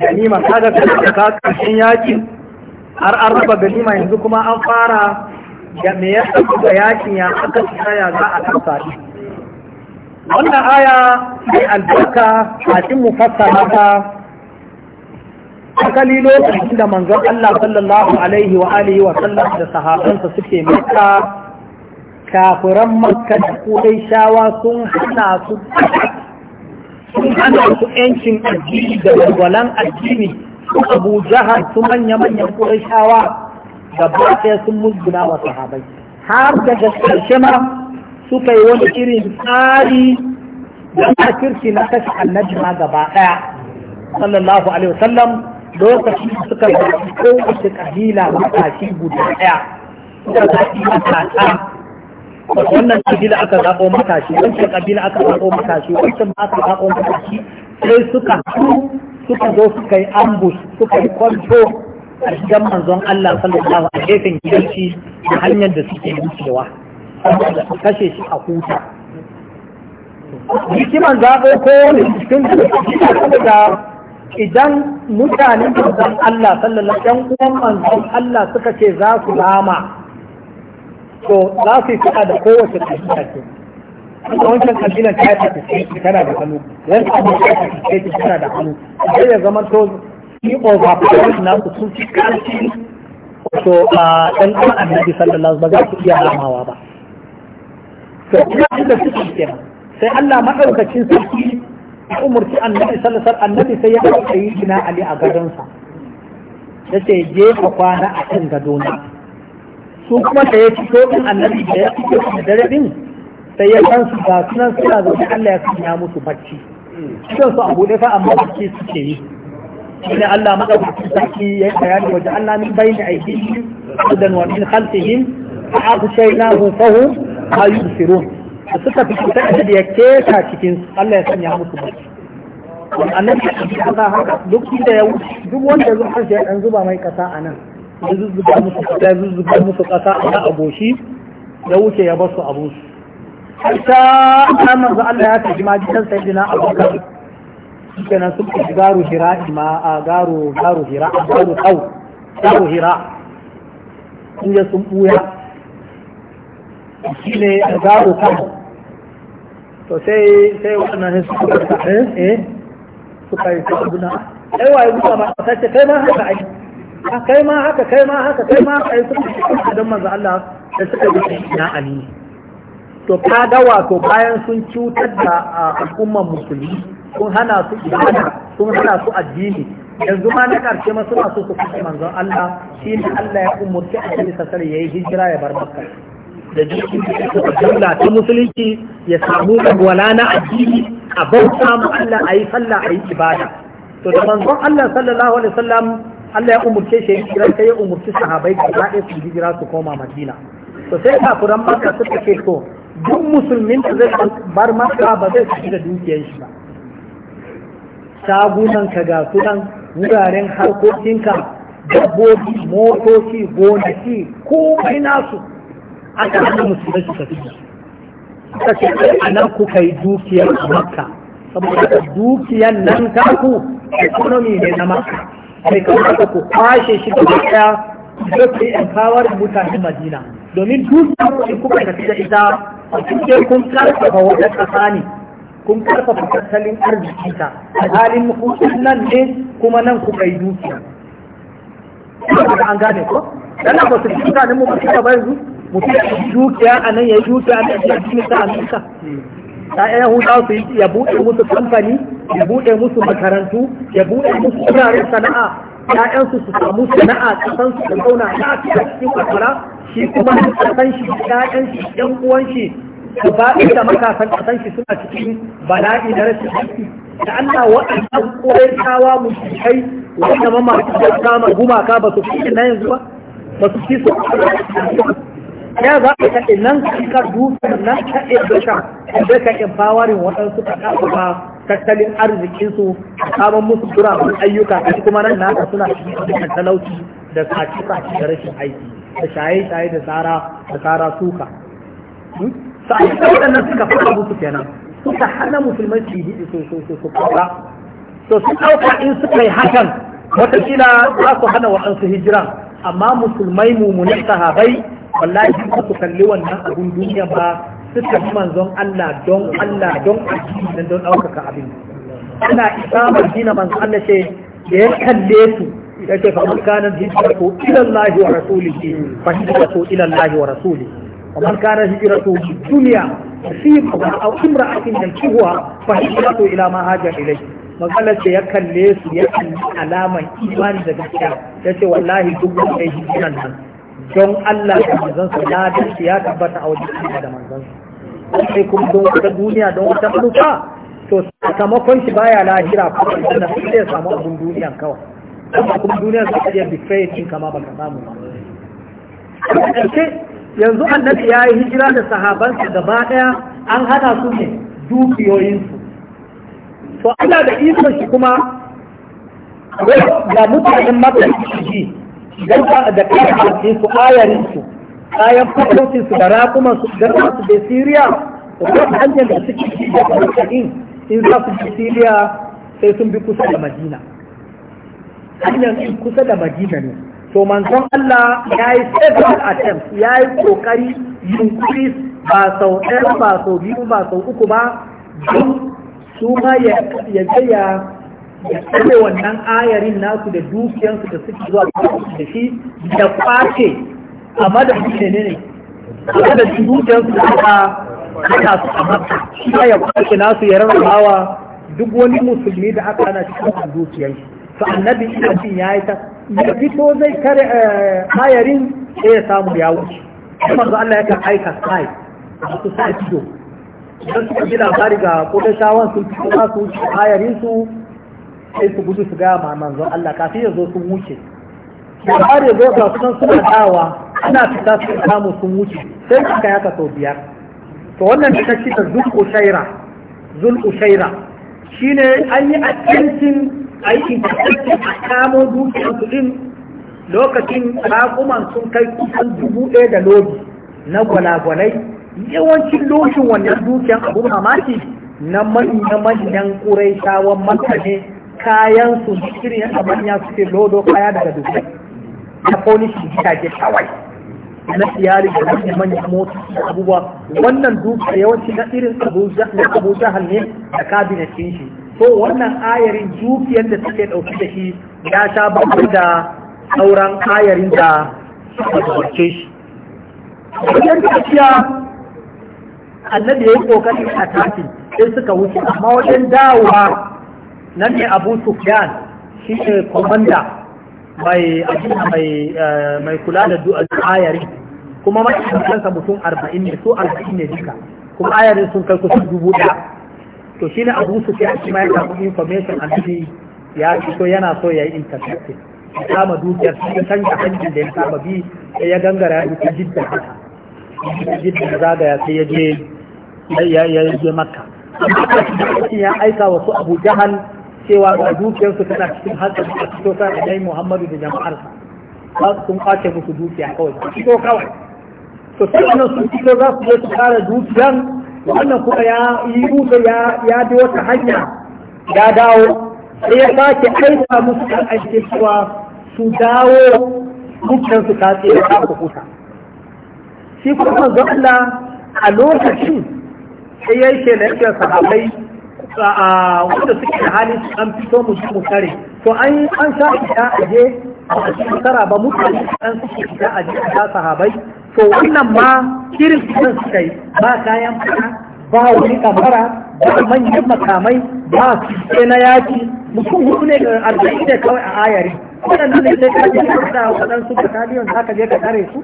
ganima kaga da ka ƙarshen yakin har an raba ganima yanzu kuma an fara da me ya saka da yakin ya aka tsaya za a kasa shi wannan aya ne albarka a cikin mufassara ta akali lokacin da manzon Allah sallallahu alaihi wa alihi wa sallam da sahabbansa suke makka kafiran makka da kudai shawa sun hana su sun hana su yancin addini da walwalan addini su abu jahar su manya-manyan ƙurashawa da ba sai sun musguna wa sahabai har da ƙarshe ma suka yi wani irin tsari da kirki na kashe annabi ma gaba ɗaya sallallahu alaihi wasallam lokacin da suka zaɓi kowace ƙabila matashi guda ɗaya suka wannan kabila aka zaɓo matashi wancan kabila aka zaɓo matashi wancan ba aka zaɓo matashi sai suka suka zo suka yi ambush suka yi kwanto a gidan manzon Allah sallallahu a gefen gidanci da hanyar da suke wucewa su kashe shi a huta hikiman zaɓo ko wani cikin da idan mutanen manzon Allah sallallahu alaihi 'yan uwan manzon Allah suka ce za su rama to za su yi fada da kowace kabila ce kuma wancan kabila ta yi fatiske tana da hannu wancan kabila ta yi fatiske tana da hannu sai ya zama to shi overpower na su sun fi karfi to a dan dan annabi sallallahu alaihi wasallam ba za su iya ramawa ba to kuma inda suke kenan sai Allah madaukakin sarki ya umurci annabi sallallahu alaihi annabi sai ya dauka yi kina Ali a gadonsa yace je ka kwana a kan gadona sun kuma da ya fito din annabi da ya fito da dare din sai ya san su ga sunan suna zaune Allah ya sanya musu bacci cikin su abu ne fa amma bacci suke yi inna Allah madaukakin sarki ya yi bayani waje Allah min bayni aidihim sudan wa min khalfihim fa'aghshaynahum fahum la yubsirun da suka fito ta da ya keta cikin Allah ya sanya musu bacci annabi ya haka duk inda ya wuce duk wanda ya zo har sai an zuba mai kasa a nan ya zuzzuba musu kasa ya zuzzuba musu ya wuce ya basu su har ta amman za Allah ya tafi kan sai dina abokan suke nan sun fi garu hira ma a garu garu hira a garu kau garu hira sun sun buya shi ne a garu kau to sai sai wannan suka eh eh suka yi sabuna ai waye duka ba sai kai ma haka a ah, kai ma haka kai ma haka kai ma haka suka ci don manzo Allah da suka bi na Ali to ka ga wato bayan sun cutar da al'ummar musulmi sun hana su ibada sun hana su addini yanzu ma na karshe ma suna so su kashe manzon Allah shi ne Allah ya umurci a cikin ya yi hijira ya bar Makka da jikin da ta musulunci ya samu wala na addini a bauta ma Allah ayi sallah ayi ibada to da manzon Allah sallallahu alaihi wasallam Allah ya umurce shi hijira sai ya umurci sahabai da za'a su hijira su koma Madina to sai kafiran Makka suka ce to duk musulmin da zai bar Makka ba zai tafi da dukiyar shi ba shagunan ka ga dan, wuraren harkokinka dabbobi motoci gonaki kai nasu aka hana musulmai su tafi Ka ce a nan kuka yi dukiyar Makka saboda dukiyan nan taku economy ne na Makka bai kamata ku kwashe shi da daya da ku empower mutanen Madina domin dukkan ku in kuka tafi da ita a cikin kun karfafa wata kasa ne kun karfafa tattalin arziki ta a halin hukun nan ne kuma nan kuka yi dukiya an gane ko dan ba su duka ne mu ba su ba yanzu mutum dukiya a nan ya yi dukiya a cikin ya amsa ya'yan yahudawa su ya buɗe musu kamfani ya buɗe musu makarantu ya buɗe musu wuraren sana'a ya'yansu su samu sana'a kasan su da zauna a cikin kwakwara shi kuma kasan shi ya'yan shi yan uwan shi su faɗi da makasan kasan shi suna cikin bala'i na rashin aiki da Allah waɗannan kai mushrikai wanda da masu gumaka ba su fi na yanzu ba ba su fi su ya za ka kaɗe nan ka dukkan nan ka ibrishan da ka empowering waɗansu ka ƙarfafa tattalin arzikinsu sabon musu turawan ayyuka a kuma nan naka suna cikin talauci da sace-sace da rashin aiki da shaye-shaye da tsara da tsara suka hmm? Sa'a da waɗannan suka fara musu kenan suka hana musulmai su yi su su su su kura to su ɗauka in suka yi hakan watakila za su hana waɗansu hijira amma musulmai mummunan sahabai wallahi ba ku kalli wannan abun duniya ba suka yi manzon Allah don Allah don addini don ɗaukaka abin ana isamar dina manzon Allah ce da ya kalle su ya ce faman kanar hijiratu ila Allah wa rasulihi fa hijiratu ila Allah wa rasulihi ومن كان هجرته في الدنيا نصيبا او امرأة ينكحها ko ila ma هاجر ilai magana ce ya kalle su ya kalli alaman imani da gaskiya ya ce wallahi duk wanda ya hijira nan don Allah da manzansa na dace ya tabbata a wajen Allah da manzansa sai kuma don wata duniya don wata manufa to sakamakon shi baya lahira ko da sai ya samu abun duniya kawai amma kuma duniya za ta iya betray din kama baka samu ba yanzu annabi ya yi hijira da sahabansa gaba daya an hana su ne dukiyoyinsu to Allah da ikon shi kuma ga mutanen maka shi idan ka da ce su ayarin su kayan fatocin su da rakuma su da su da Syria to da hanyar da suke ci da Palestine in za su bi Syria sai sun bi kusa da Madina hanyar kusa da Madina ne to manzon Allah ya yi several attempts ya yi kokari yunkuri ba sau ɗaya ba sau biyu ba sau uku ba don su ma ya ya da kare wannan ayarin nasu da dukiyansu da suke zuwa da shi da kwace a madadin ne ne a madadin dukiyansu da aka hana su a mata shi ya kwace nasu ya rarrabawa duk wani musulmi da aka ana cikin a dukiyansu shi annabi ina cin ya yi ta ya fito zai kare eh, ayarin sai ya samu ya wuce kuma Allah ya kan aika sai su sa ido idan suka ji labari ga kodashawan sun fito nasu ayarin su sai su gudu su gaya ma manzon Allah kafin ya zo sun wuce da har ya zo ga sunan suna dawa ana fita su samu sun wuce sai suka yaka sau biyar to wannan da ta cika zul ushaira zul ushaira shine an yi attention aikin tattalin a kamo dukiyar su din lokacin rakuman sun kai kusan dubu ɗaya da lobi na gwalagwalai yawancin lokacin wannan dukiyar abu mamaki na manyan manyan ƙurai shawon maka ne kayan su irin yadda manya suke lodo kaya daga dubai na ta ke kawai na siyari da wani manya motoci da abubuwa wannan a yawanci na irin abu jahal ne da kabinetin shi so wannan ayarin dukiyar da suke ɗauki da shi ya sha bakwai da sauran ayarin da suka ɗauke shi. Wajen tafiya annabi ya yi kokarin a tafi sai suka wuce amma wajen dawowa nan ne abu sufyan shi ne komanda mai eh, mai kula da ayari kuma mai kansa mutum arba'in ne su arba'in ne duka kuma ayarin sun kai kusa dubu ɗaya to shi ne abu sufyan shi ma ya samu information annabi ya so yana so ya yi intercepting ya kama dukiyar kan canza hanyar da ya kama bi sai ya gangara ya fi jidda haka jidda zagaya sai ya je ya je makka amma ya aika wasu abu jahal cewa ga dukiyarsu tana cikin hatsari a cikin sa da dai Muhammadu da jama'arsa ba sun kwace musu dukiya kawai a fito kawai to sai wannan sun fito za su je su kara dukiyar wannan kuma ya yi rufe ya bi wata hanya ya dawo sai ya sake aika musu kan aike cewa su dawo dukiyarsu ta tsaye ta kusa shi kuma ga Allah a lokacin sai ya yi shelayar sahabai wanda suke da halin su an fito mu mu kare to an an sa ita aje a cikin tara ba mutane an suke ita aje a sahabai to wannan ma irin sun suka yi ba kayan fara ba wani kamara ba manyan makamai ba su na yaki mutum hudu ne ga da kawai a ayari waɗanda ne sai kaje ka kada wadansu bataliyon za je ka tsare su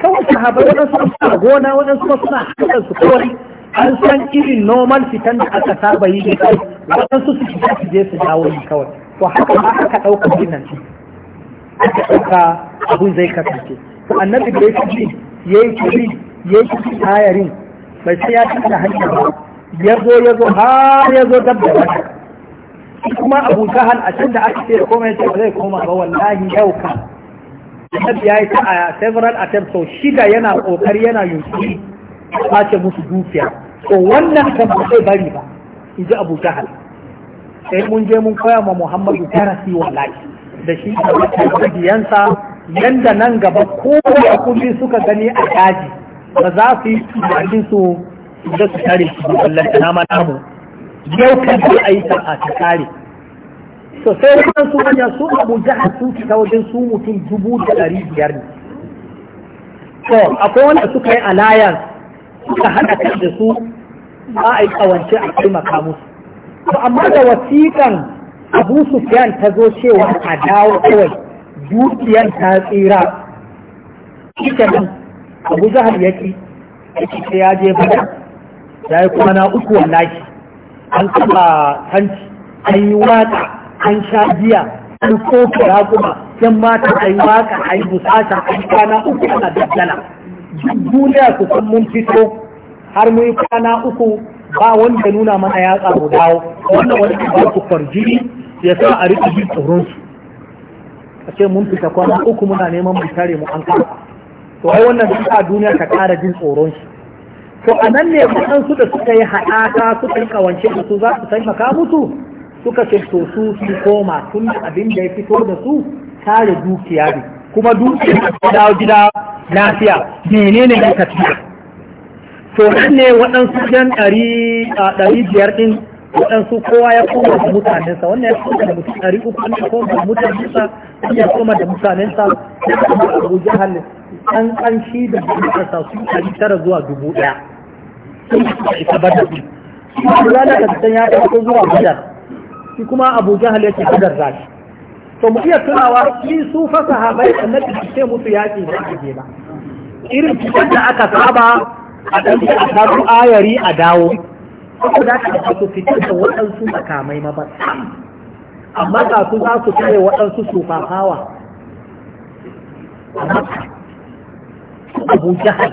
kawai sahabai wadansu suna gona wadansu suna hakan su kawai an san irin noman fitan da aka saba yi ne kai waɗansu su fita su je su dawo yi kawai to haka ma aka ɗauka ginan shi aka ɗauka abun zai kasance to annabi da ya fi ya yi kiri ya yi kiri tayarin bai sai ya ci da ba ya zo ya zo har ya zo dab da wata kuma abu jahal a can da aka ce da komai ce ba zai koma ba wallahi yau ka annabi ya yi ta a several attempts so shida yana kokari yana yunkuri ya ɓace musu dukiya to wannan kan ba zai bari ba in ji abu jahal sai mun je mun koya ma muhammadu darasi wallahi da shi da mabiyansa yanda nan gaba ko a kuɗi suka gani a daji ba za su yi tunanin su da su tare su wallahi na namu yau kan da a yi a ta kare to sai wannan su manya su abu jahal sun ta wajen su mutum dubu da ɗari biyar ne to akwai wanda suka yi alliance suka haɗa kan da su za a yi kawance a taimaka musu to amma da wasiƙan abu sufyan ta zo cewa a dawo kawai dukiyar ta tsira ita nan abu zahar ya ki sai ya je bada ya yi kuma na uku wallahi an taɓa an yi waka an sha biya an kofi ya kuma yan mata a yi waka a yi busasa a yi kwana uku ana daddala duk duniya su san mun fito har mu yi kwana uku ba wanda nuna mana ya tsaro dawo wannan wani ba ku farji ya sa a riƙe jin tsoron su a ce mun fita kwana uku muna neman mu tare mu an kafa to ai wannan duk a duniya ta ƙara jin tsoron su to a nan ne su da suka yi haɗaka suka yi kawance da su za su taimaka musu suka ce to su su koma tun abin da ya fito da su tare dukiya ne kuma dutse da dawo gida lafiya menene ne tafiya to nan ne waɗansu jan ɗari a ɗari biyar ɗin waɗansu kowa ya koma da mutanensa wannan ya koma da mutum ɗari uku ne ya koma da mutanensa ya koma da mutanensa ya koma da abu jihar an ƙanshi da mutanensa su ɗari tara zuwa dubu ɗaya sun isa bada Su kuma da ya ɗauko zuwa badar shi kuma abu jihar ya ce badar za to mu iya tunawa shi su haɓai da na ce musu yaƙi da ake ba irin fitar da aka saba a ɗan a sabu ayari a dawo ko da ka ba su fitar da waɗansu makamai ma ba amma ga su za su kare waɗansu su fafawa amma abu jahal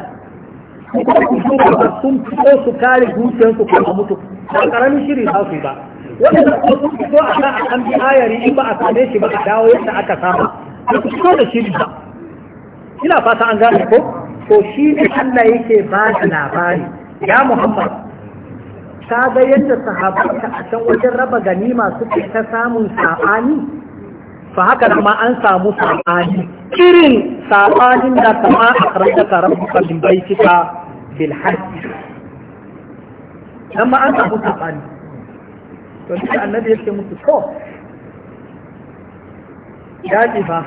sun fito su kare dukiyarsu kuma a mutu ba ƙaramin shiri za su yi ba wanda ko sun fito a kan a kan ayari in ba a same shi ba a dawo yadda aka saba a fito da shi ba ina fata an gane ko to shi ne Allah yake ba da labari ya Muhammad ka ga yadda sahabbanka a can wajen raba ganima suke ta samun sabani fa haka nan ma an samu sabani Kirin sabanin da kama a karanta taron bukatun baitika fil hajji nan ma an samu sabani to duka annabi yake musu to yaƙi fa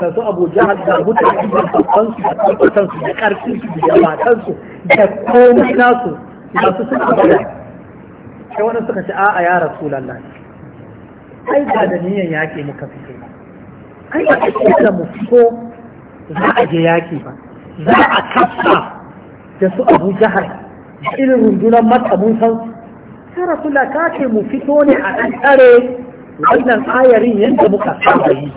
ta zo abu jahal da mutane da babban su da ƙarfin su da ƙarfin su da matan su da komai nasu masu suna bada sai wani suka ce a ya rasu lallai ai ba da niyan yaƙi muka kai ai ba a da mu ko za a je yaƙi ba za a kafa da su abu jahal da irin rundunar mata mun san ya rasula ka ce mu fito ne a ɗan tsare wannan ayarin yadda muka saba yi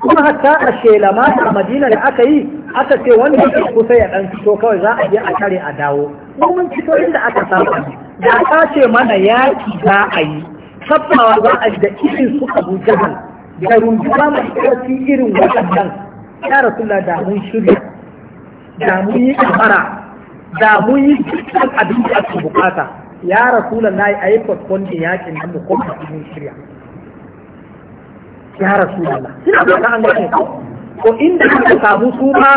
kuma hatta a shela ma a madina da aka yi aka ce wanda ke kusa ya ɗan fito kawai za a je a tare a dawo mun fito inda aka saba da ka ce mana yaki za a yi tabbawa za a da irin su abu jahal da runduwa mai ƙarfi irin waɗannan ya rasula da mun shirya da mun yi kamara da mun yi dukkan abin da ake bukata ya rasula na yi ayi postponing yakin nan mu kuma cikin shirya ya rasula na suna da an gane ko inda aka samu su ma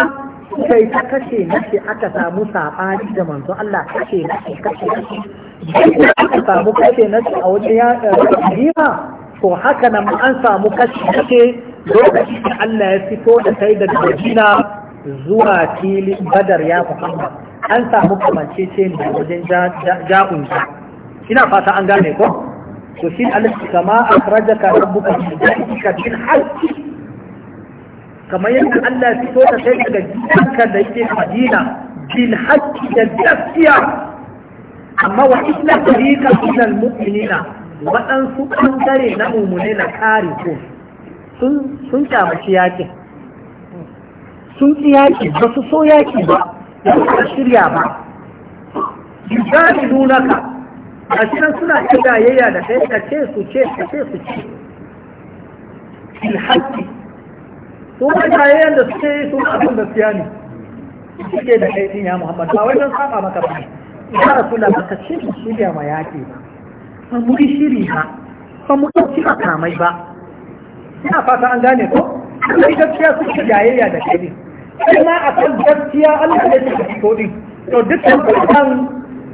sai ta kashe nashi aka samu sabani da manzo Allah kashe nashi kashe nashi aka samu kashe nashi a wajen ya ko eh, haka nan an samu kashe nashi lokacin da Allah ya fito da sai da Madina zuwa filin Badar ya Muhammad an samu kamance ce ne wajen ja'un ina fata an gane ko to shi alif kama akhrajaka da min dhalika bil haqq kamar yadda Allah ya fito da kai daga gidanka da yake Madina bin haqq da gaskiya amma wa illa tariqa min al mu'minina waɗansu ɓangare na umune na kare ko sun sun kyamaci yakin sun ƙi yaƙi ba su so yaƙi ba da ba shirya ba nuna ka. a cikin suna da yayya da kai ka ce su ce ka ce su ce filhaki su ma gayayyan da suke yi su abin da siya ne suke da kai ya muhammad ba wajen saba maka ba ya rasu baka ce mu shirya ma ke ba ba mu shiri ba ba mu ɗauki makamai ba ina fata an gane ko kuma gaskiya suke gayayya da kai ne sai ma a kan gaskiya Allah ya kashi kodi to dukkan kan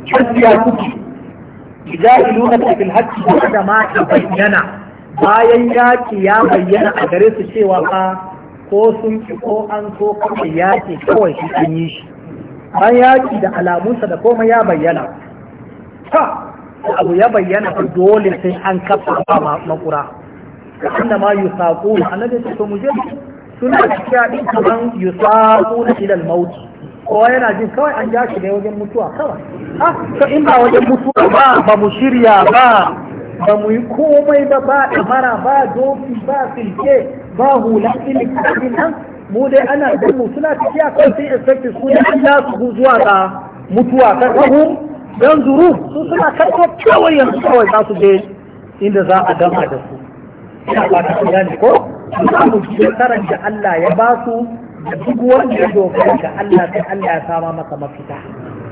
gaskiya kuke nuna cikin hakki da ma ta bayyana bayan yaki ya bayyana a gare su cewa ba ko sun ki ko an so ya yaki kawai shi an yi shi an yaki da alamunsa da komai ya bayyana ta abu ya bayyana dole sai an kafa makura inda ma yusaqu annabi to mu je suna tafiya din kaman yusabu na ilal mauti kowa yana jin kawai an jashi ne wajen mutuwa kawai ah in ba wajen mutuwa ba ba mu shirya ba ba mu yi komai ba ba mara ba doki ba filke ba hula ilik abin nan mu dai ana da mu suna tafiya kan sai expect su ne an ja su zuwa ga mutuwa kan kahu dan zuru su suna kanko kawai yanzu kawai za su je inda za a gama da su ina ba ta gane ko babu shekaran da Allah ya ba su da duk wanda ya dogara ga Allah sai Allah ya sama masa mafita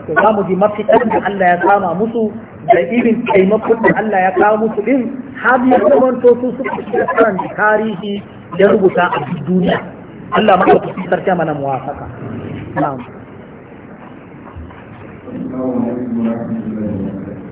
to za mu ji mafitar da Allah ya sama musu da irin taimakon da Allah ya kawo musu din har ya to su suka shiga karan tarihi da rubuta a duniya Allah maka ta fitar ta mana muwafaka na'am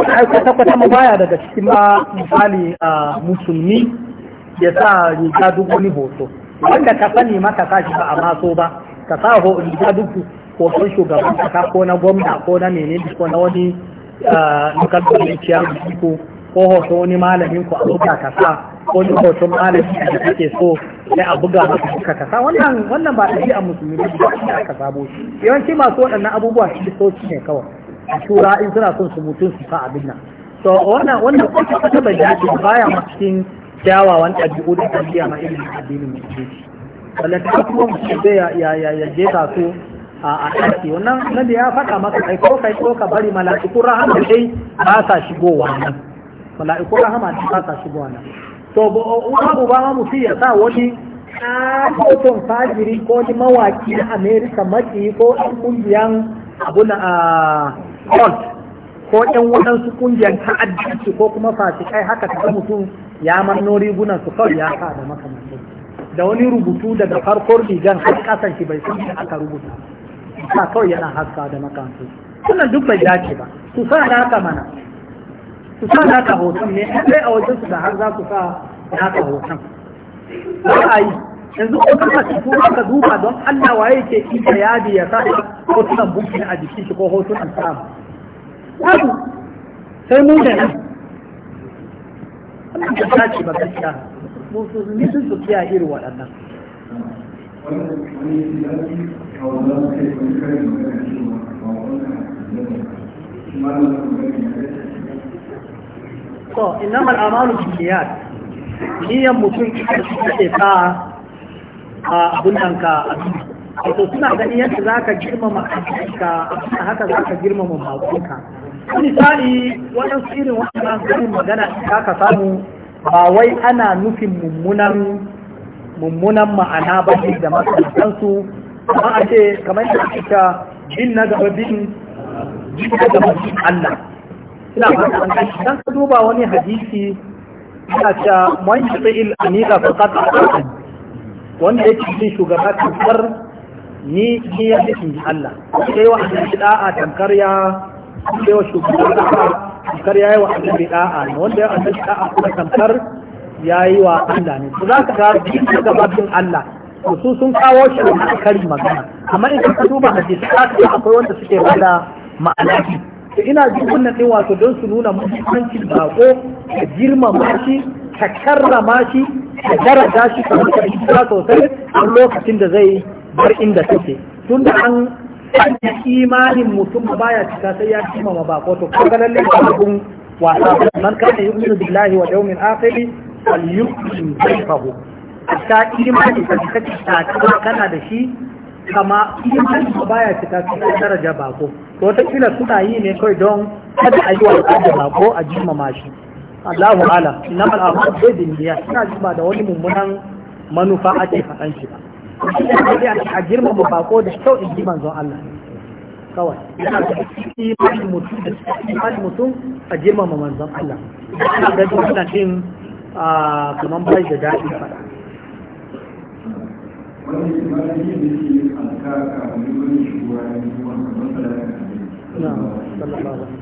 kwata-kwata ma baya daga cikin ba misali a musulmi ya sa riga duk wani hoto wanda ka sani maka ka ba a maso ba ka sa riga duk hoton shugaban kasa ko na gwamna ko na menene ko na wani nukar kwanciyar ko ko hoton wani malamin ku a buga ka sa ko ni hoton malamin da kake so sai a buga maka duka ka sa wannan wannan ba a musulmi ba da aka sabo shi yawanci masu waɗannan abubuwa shi ne kawai a tura in suna son su mutum su fa abin nan to wannan wannan ta kwata da shi baya ma cikin kyawawan ɗabi'u da ɗabi'a ma irin addinin musulunci wallahi ta kuma mutum zai ya ya ya ta so a ɗaki wannan nan da ya faɗa maka kai ko kai ko ka bari mala'iku rahama dai ba sa shigowa nan mala'iku rahama dai ba sa shigowa nan to babu ba ma mutum ya sa wani hoton fajiri ko ni mawaki na amerika maki ko ɗan ƙungiyan abu na ah, cult ko ɗan waɗansu ƙungiyar ta'addanci ko kuma fasikai haka ta mutum ya manno rigunan su kawai ya sa da makamantai da wani rubutu daga farkon rigar har kasan shi bai san da aka rubuta sa kawai yana haska da makamantai sunan duk bai dace ba su sa haka mana su sa haka hoton ne sai a wajen su da har za su sa da haka hoton ba a yi yanzu ko kuma shi kuma duba don Allah waye ke ita yadi ya sa hotunan bukin a jikin shi ko hotunan sam babu sai mu da nan Allah ta ce ba gaskiya mu su ni sun su kiya irin waɗannan to innamal a'malu binniyat niyyar mutum ita ce ta abin nan ka abin wato suna ganin yadda za ka girmama ka haka za ka girmama makonka misali waɗansu irin waɗannan ganin magana za ka samu ba wai ana nufin mummunan mummunan ma'ana ba ne da makarantansu ba a ce kamar da ake ta bin na gaba bin bin na gaba bin Allah ina ba ta an dan ka duba wani hadisi ina ta man yi tsa'il amiga faqat al wanda yake cikin shugaba tamkar ni ni ya fi inji Allah sai wa annabi da'a tamkar ya sai wa shugaba tamkar ya yi wa annabi da'a ne wanda ya annabi da'a kuma tamkar ya yi wa Allah ne to za ka ga duk gabatin Allah su sun kawo shi a karin magana amma idan ka duba hadisi ka akwai wanda suke bada ma'ana ina jin wannan din wato don su nuna muhimmancin bako da girmama shi ka karrama shi ka daraja shi ka mutu sosai a lokacin da zai bar inda take tun da an sanya imanin mutum ya cika sai ya cima ma bako to kaga lalle ka abun wasa man kana yu'minu billahi wa yawmil akhir wal yu'min bihi ta imani ka cika ta kana da shi kama imani ba baya cika cikin daraja bako to wata kila suna yi ne kawai don kada a yi wa bako a jimama shi Allahu ala na al'amar zai dindiya suna ba da wani mummunan manufa ake faɗan shi ba a girmama bako da kyau in ji manzon Allah kawai yana da imanin mutum da imanin mutum a girmama manzon Allah da ganin wannan din kamar bai da daɗi faɗa na sallallahu alaihi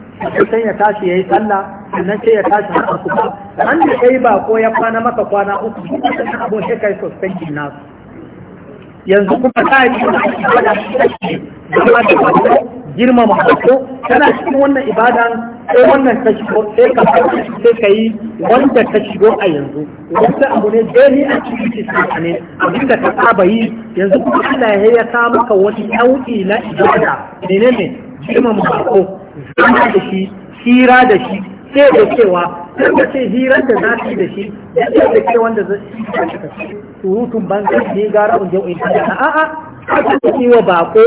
sai ya tashi ya yi sallah sannan sai ya tashi haka kuma an da kai ba ko ya kwana maka kwana uku duk da abun shi kai suspension nasu yanzu kuma ta yi da da da girmama ko kana cikin wannan ibada sai wannan ta shigo sai ka sai ka yi wanda ta shigo a yanzu wanda abu ne dai a cikin cikin ne abin da ka saba yi yanzu kuma Allah ya ya kama wani nau'i na ibada menene girmama ko zama da shi hira da shi sai da cewa sai ka ce hirar da za yi da shi ya ce da ke wanda zai shi ka shi surutun banza ne gara un jau'in ta a'a aka ce wa bako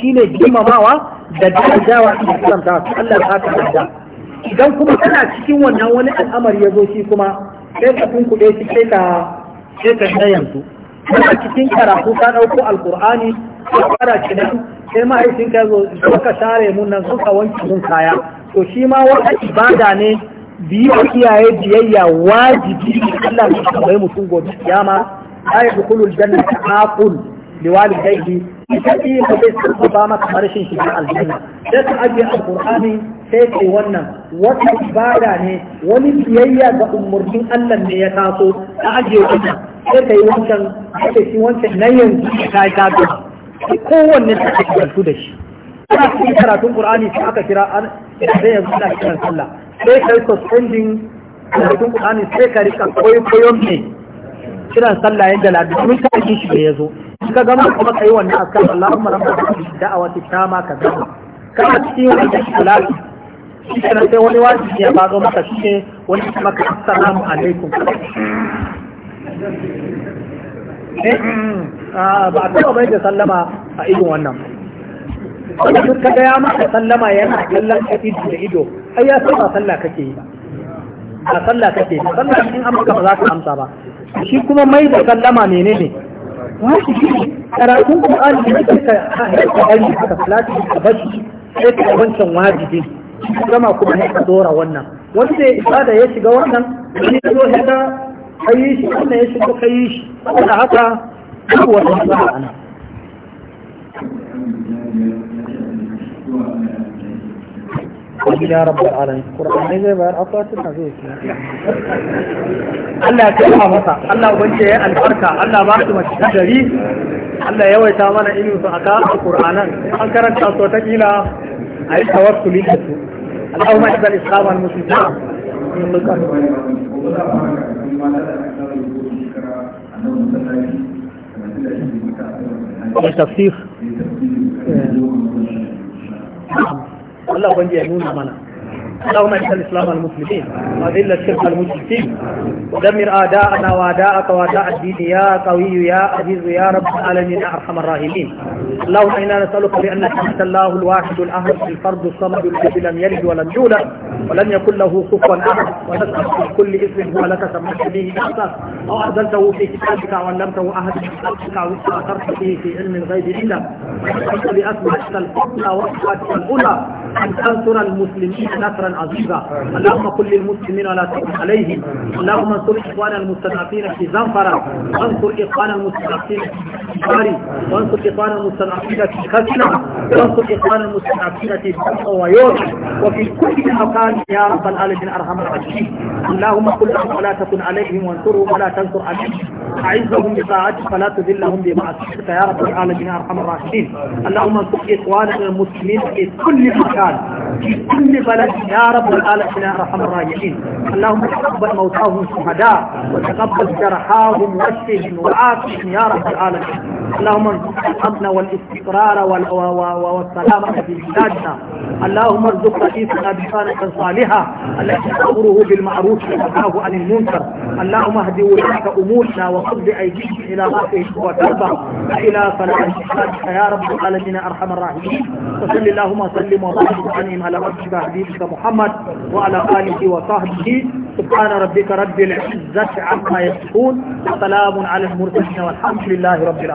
shi ne girmamawa da darajawa da islamta su Allah ya ka da idan kuma kana cikin wannan wani al'amari ya zo shi kuma sai ka tunkuɗe shi sai ka sai ka tsayantu cikin karatu ka ɗauko alƙur'ani ka fara kidan sai mahaifinka ya zo ka share mun nan suka wanke mun kaya to shi ma wata ibada ne biyu a iyaye biyayya wajibi Allah ka bai mutum gobe kiyama ay dukhulul jannata aqul liwalidayhi sai ka bai su ba kamar shin shiga aljanna sai ka ajiye alqur'ani sai kai wannan wata ibada ne wani biyayya ga umurnin Allah ne ya taso ka ajiye wannan sai kai wancan sai shi wancan nan yanzu ka ta ga kowanne ta da shi ana cikin karatun qur'ani sai aka kira an sai yanzu ana kiran sallah sai kai suspending karatun qur'ani sai ka rika koyon ne kiran sallah yadda ladi mun ta yi shi da yazo ka gama kuma kai wannan askar Allahumma rabbana da'awati tama ka gama kana cikin wannan salati shi kana sai wani wajibi ya bazo maka shi ne wani kuma ka assalamu alaikum eh ah, ba ta bai da sallama a irin wannan wanda duk ka gaya maka sallama yana kallon ka da ido ai ya san ba sallah kake yi ba sallah kake yi sallah in an maka ba za ka amsa ba shi kuma mai da sallama menene shi karatun Qur'ani da kake ka ka bari ka salati ka bashi sai ka wancan wajibi kuma kuma ka dora wannan wanda ya ibada ya shiga wannan ne ya zo haka ga shi wannan ya shiga kai shi saboda haka duk wata ana Abi ya rabu alam Kur'an ne zai bayar mace gari, Allah yawaita mana ilimin su a ka a Kur'anan, an karanta Allah bangi ya nuna mana اللهم اجعل الاسلام المسلمين واذل الشرك المشركين ودمر اعداءنا واعداءك واعداء الدين يا قوي يا عزيز يا رب العالمين يا ارحم الراحمين اللهم انا نسالك بانك انت الله الواحد الاحد الفرد الصمد الذي لم يلد ولم يولد ولم يكن له كفوا احد ونسالك بكل اسم هو لك سمحت به نفسك او انزلته في كتابك وعلمته احد من خلقك استاثرت به في علم الغيب الا ونسالك باسمك الحسنى وصفاتك الاولى ان تنصر المسلمين نصرا عزيزا اللهم كل للمسلمين ولا تكن عليهم اللهم انصر إخوان المستضعفين في زنفرة وانصر إخوان المستضعفين في باري وانصر إخوان المستضعفين في خسنة وانصر إخوان المستضعفين في بطة ويوم وفي كل مكان يا رب العالمين أرحم الراحمين اللهم كل ولا تكن عليهم وانصرهم ولا تنصر عليهم أعزهم بطاعتك فلا تذلهم بمعصيتك يا رب العالمين أرحم الراحمين اللهم انصر إخواننا المسلمين في كل مكان في كل بلد يا يا رب العالمين ارحم الراحمين اللهم تقبل موتاهم شهداء وتقبل جرحاهم واشفهم وعافهم يا رب العالمين اللهم ارزق الامن والاستقرار والسلامه في بلادنا اللهم ارزق رئيسنا بطانه صالحه التي تامره بالمعروف ونهاه عن المنكر اللهم اهد ولاة امورنا وصب بايديهم الى ما فيه وتربى الى صلاح الشهداء يا رب العالمين ارحم الراحمين وصل اللهم وسلم وبارك وسلم على وجهك حبيبك محمد محمد وعلى آله وصحبه سبحان ربك رب العزة عما يصفون وسلام على المرسلين والحمد لله رب العالمين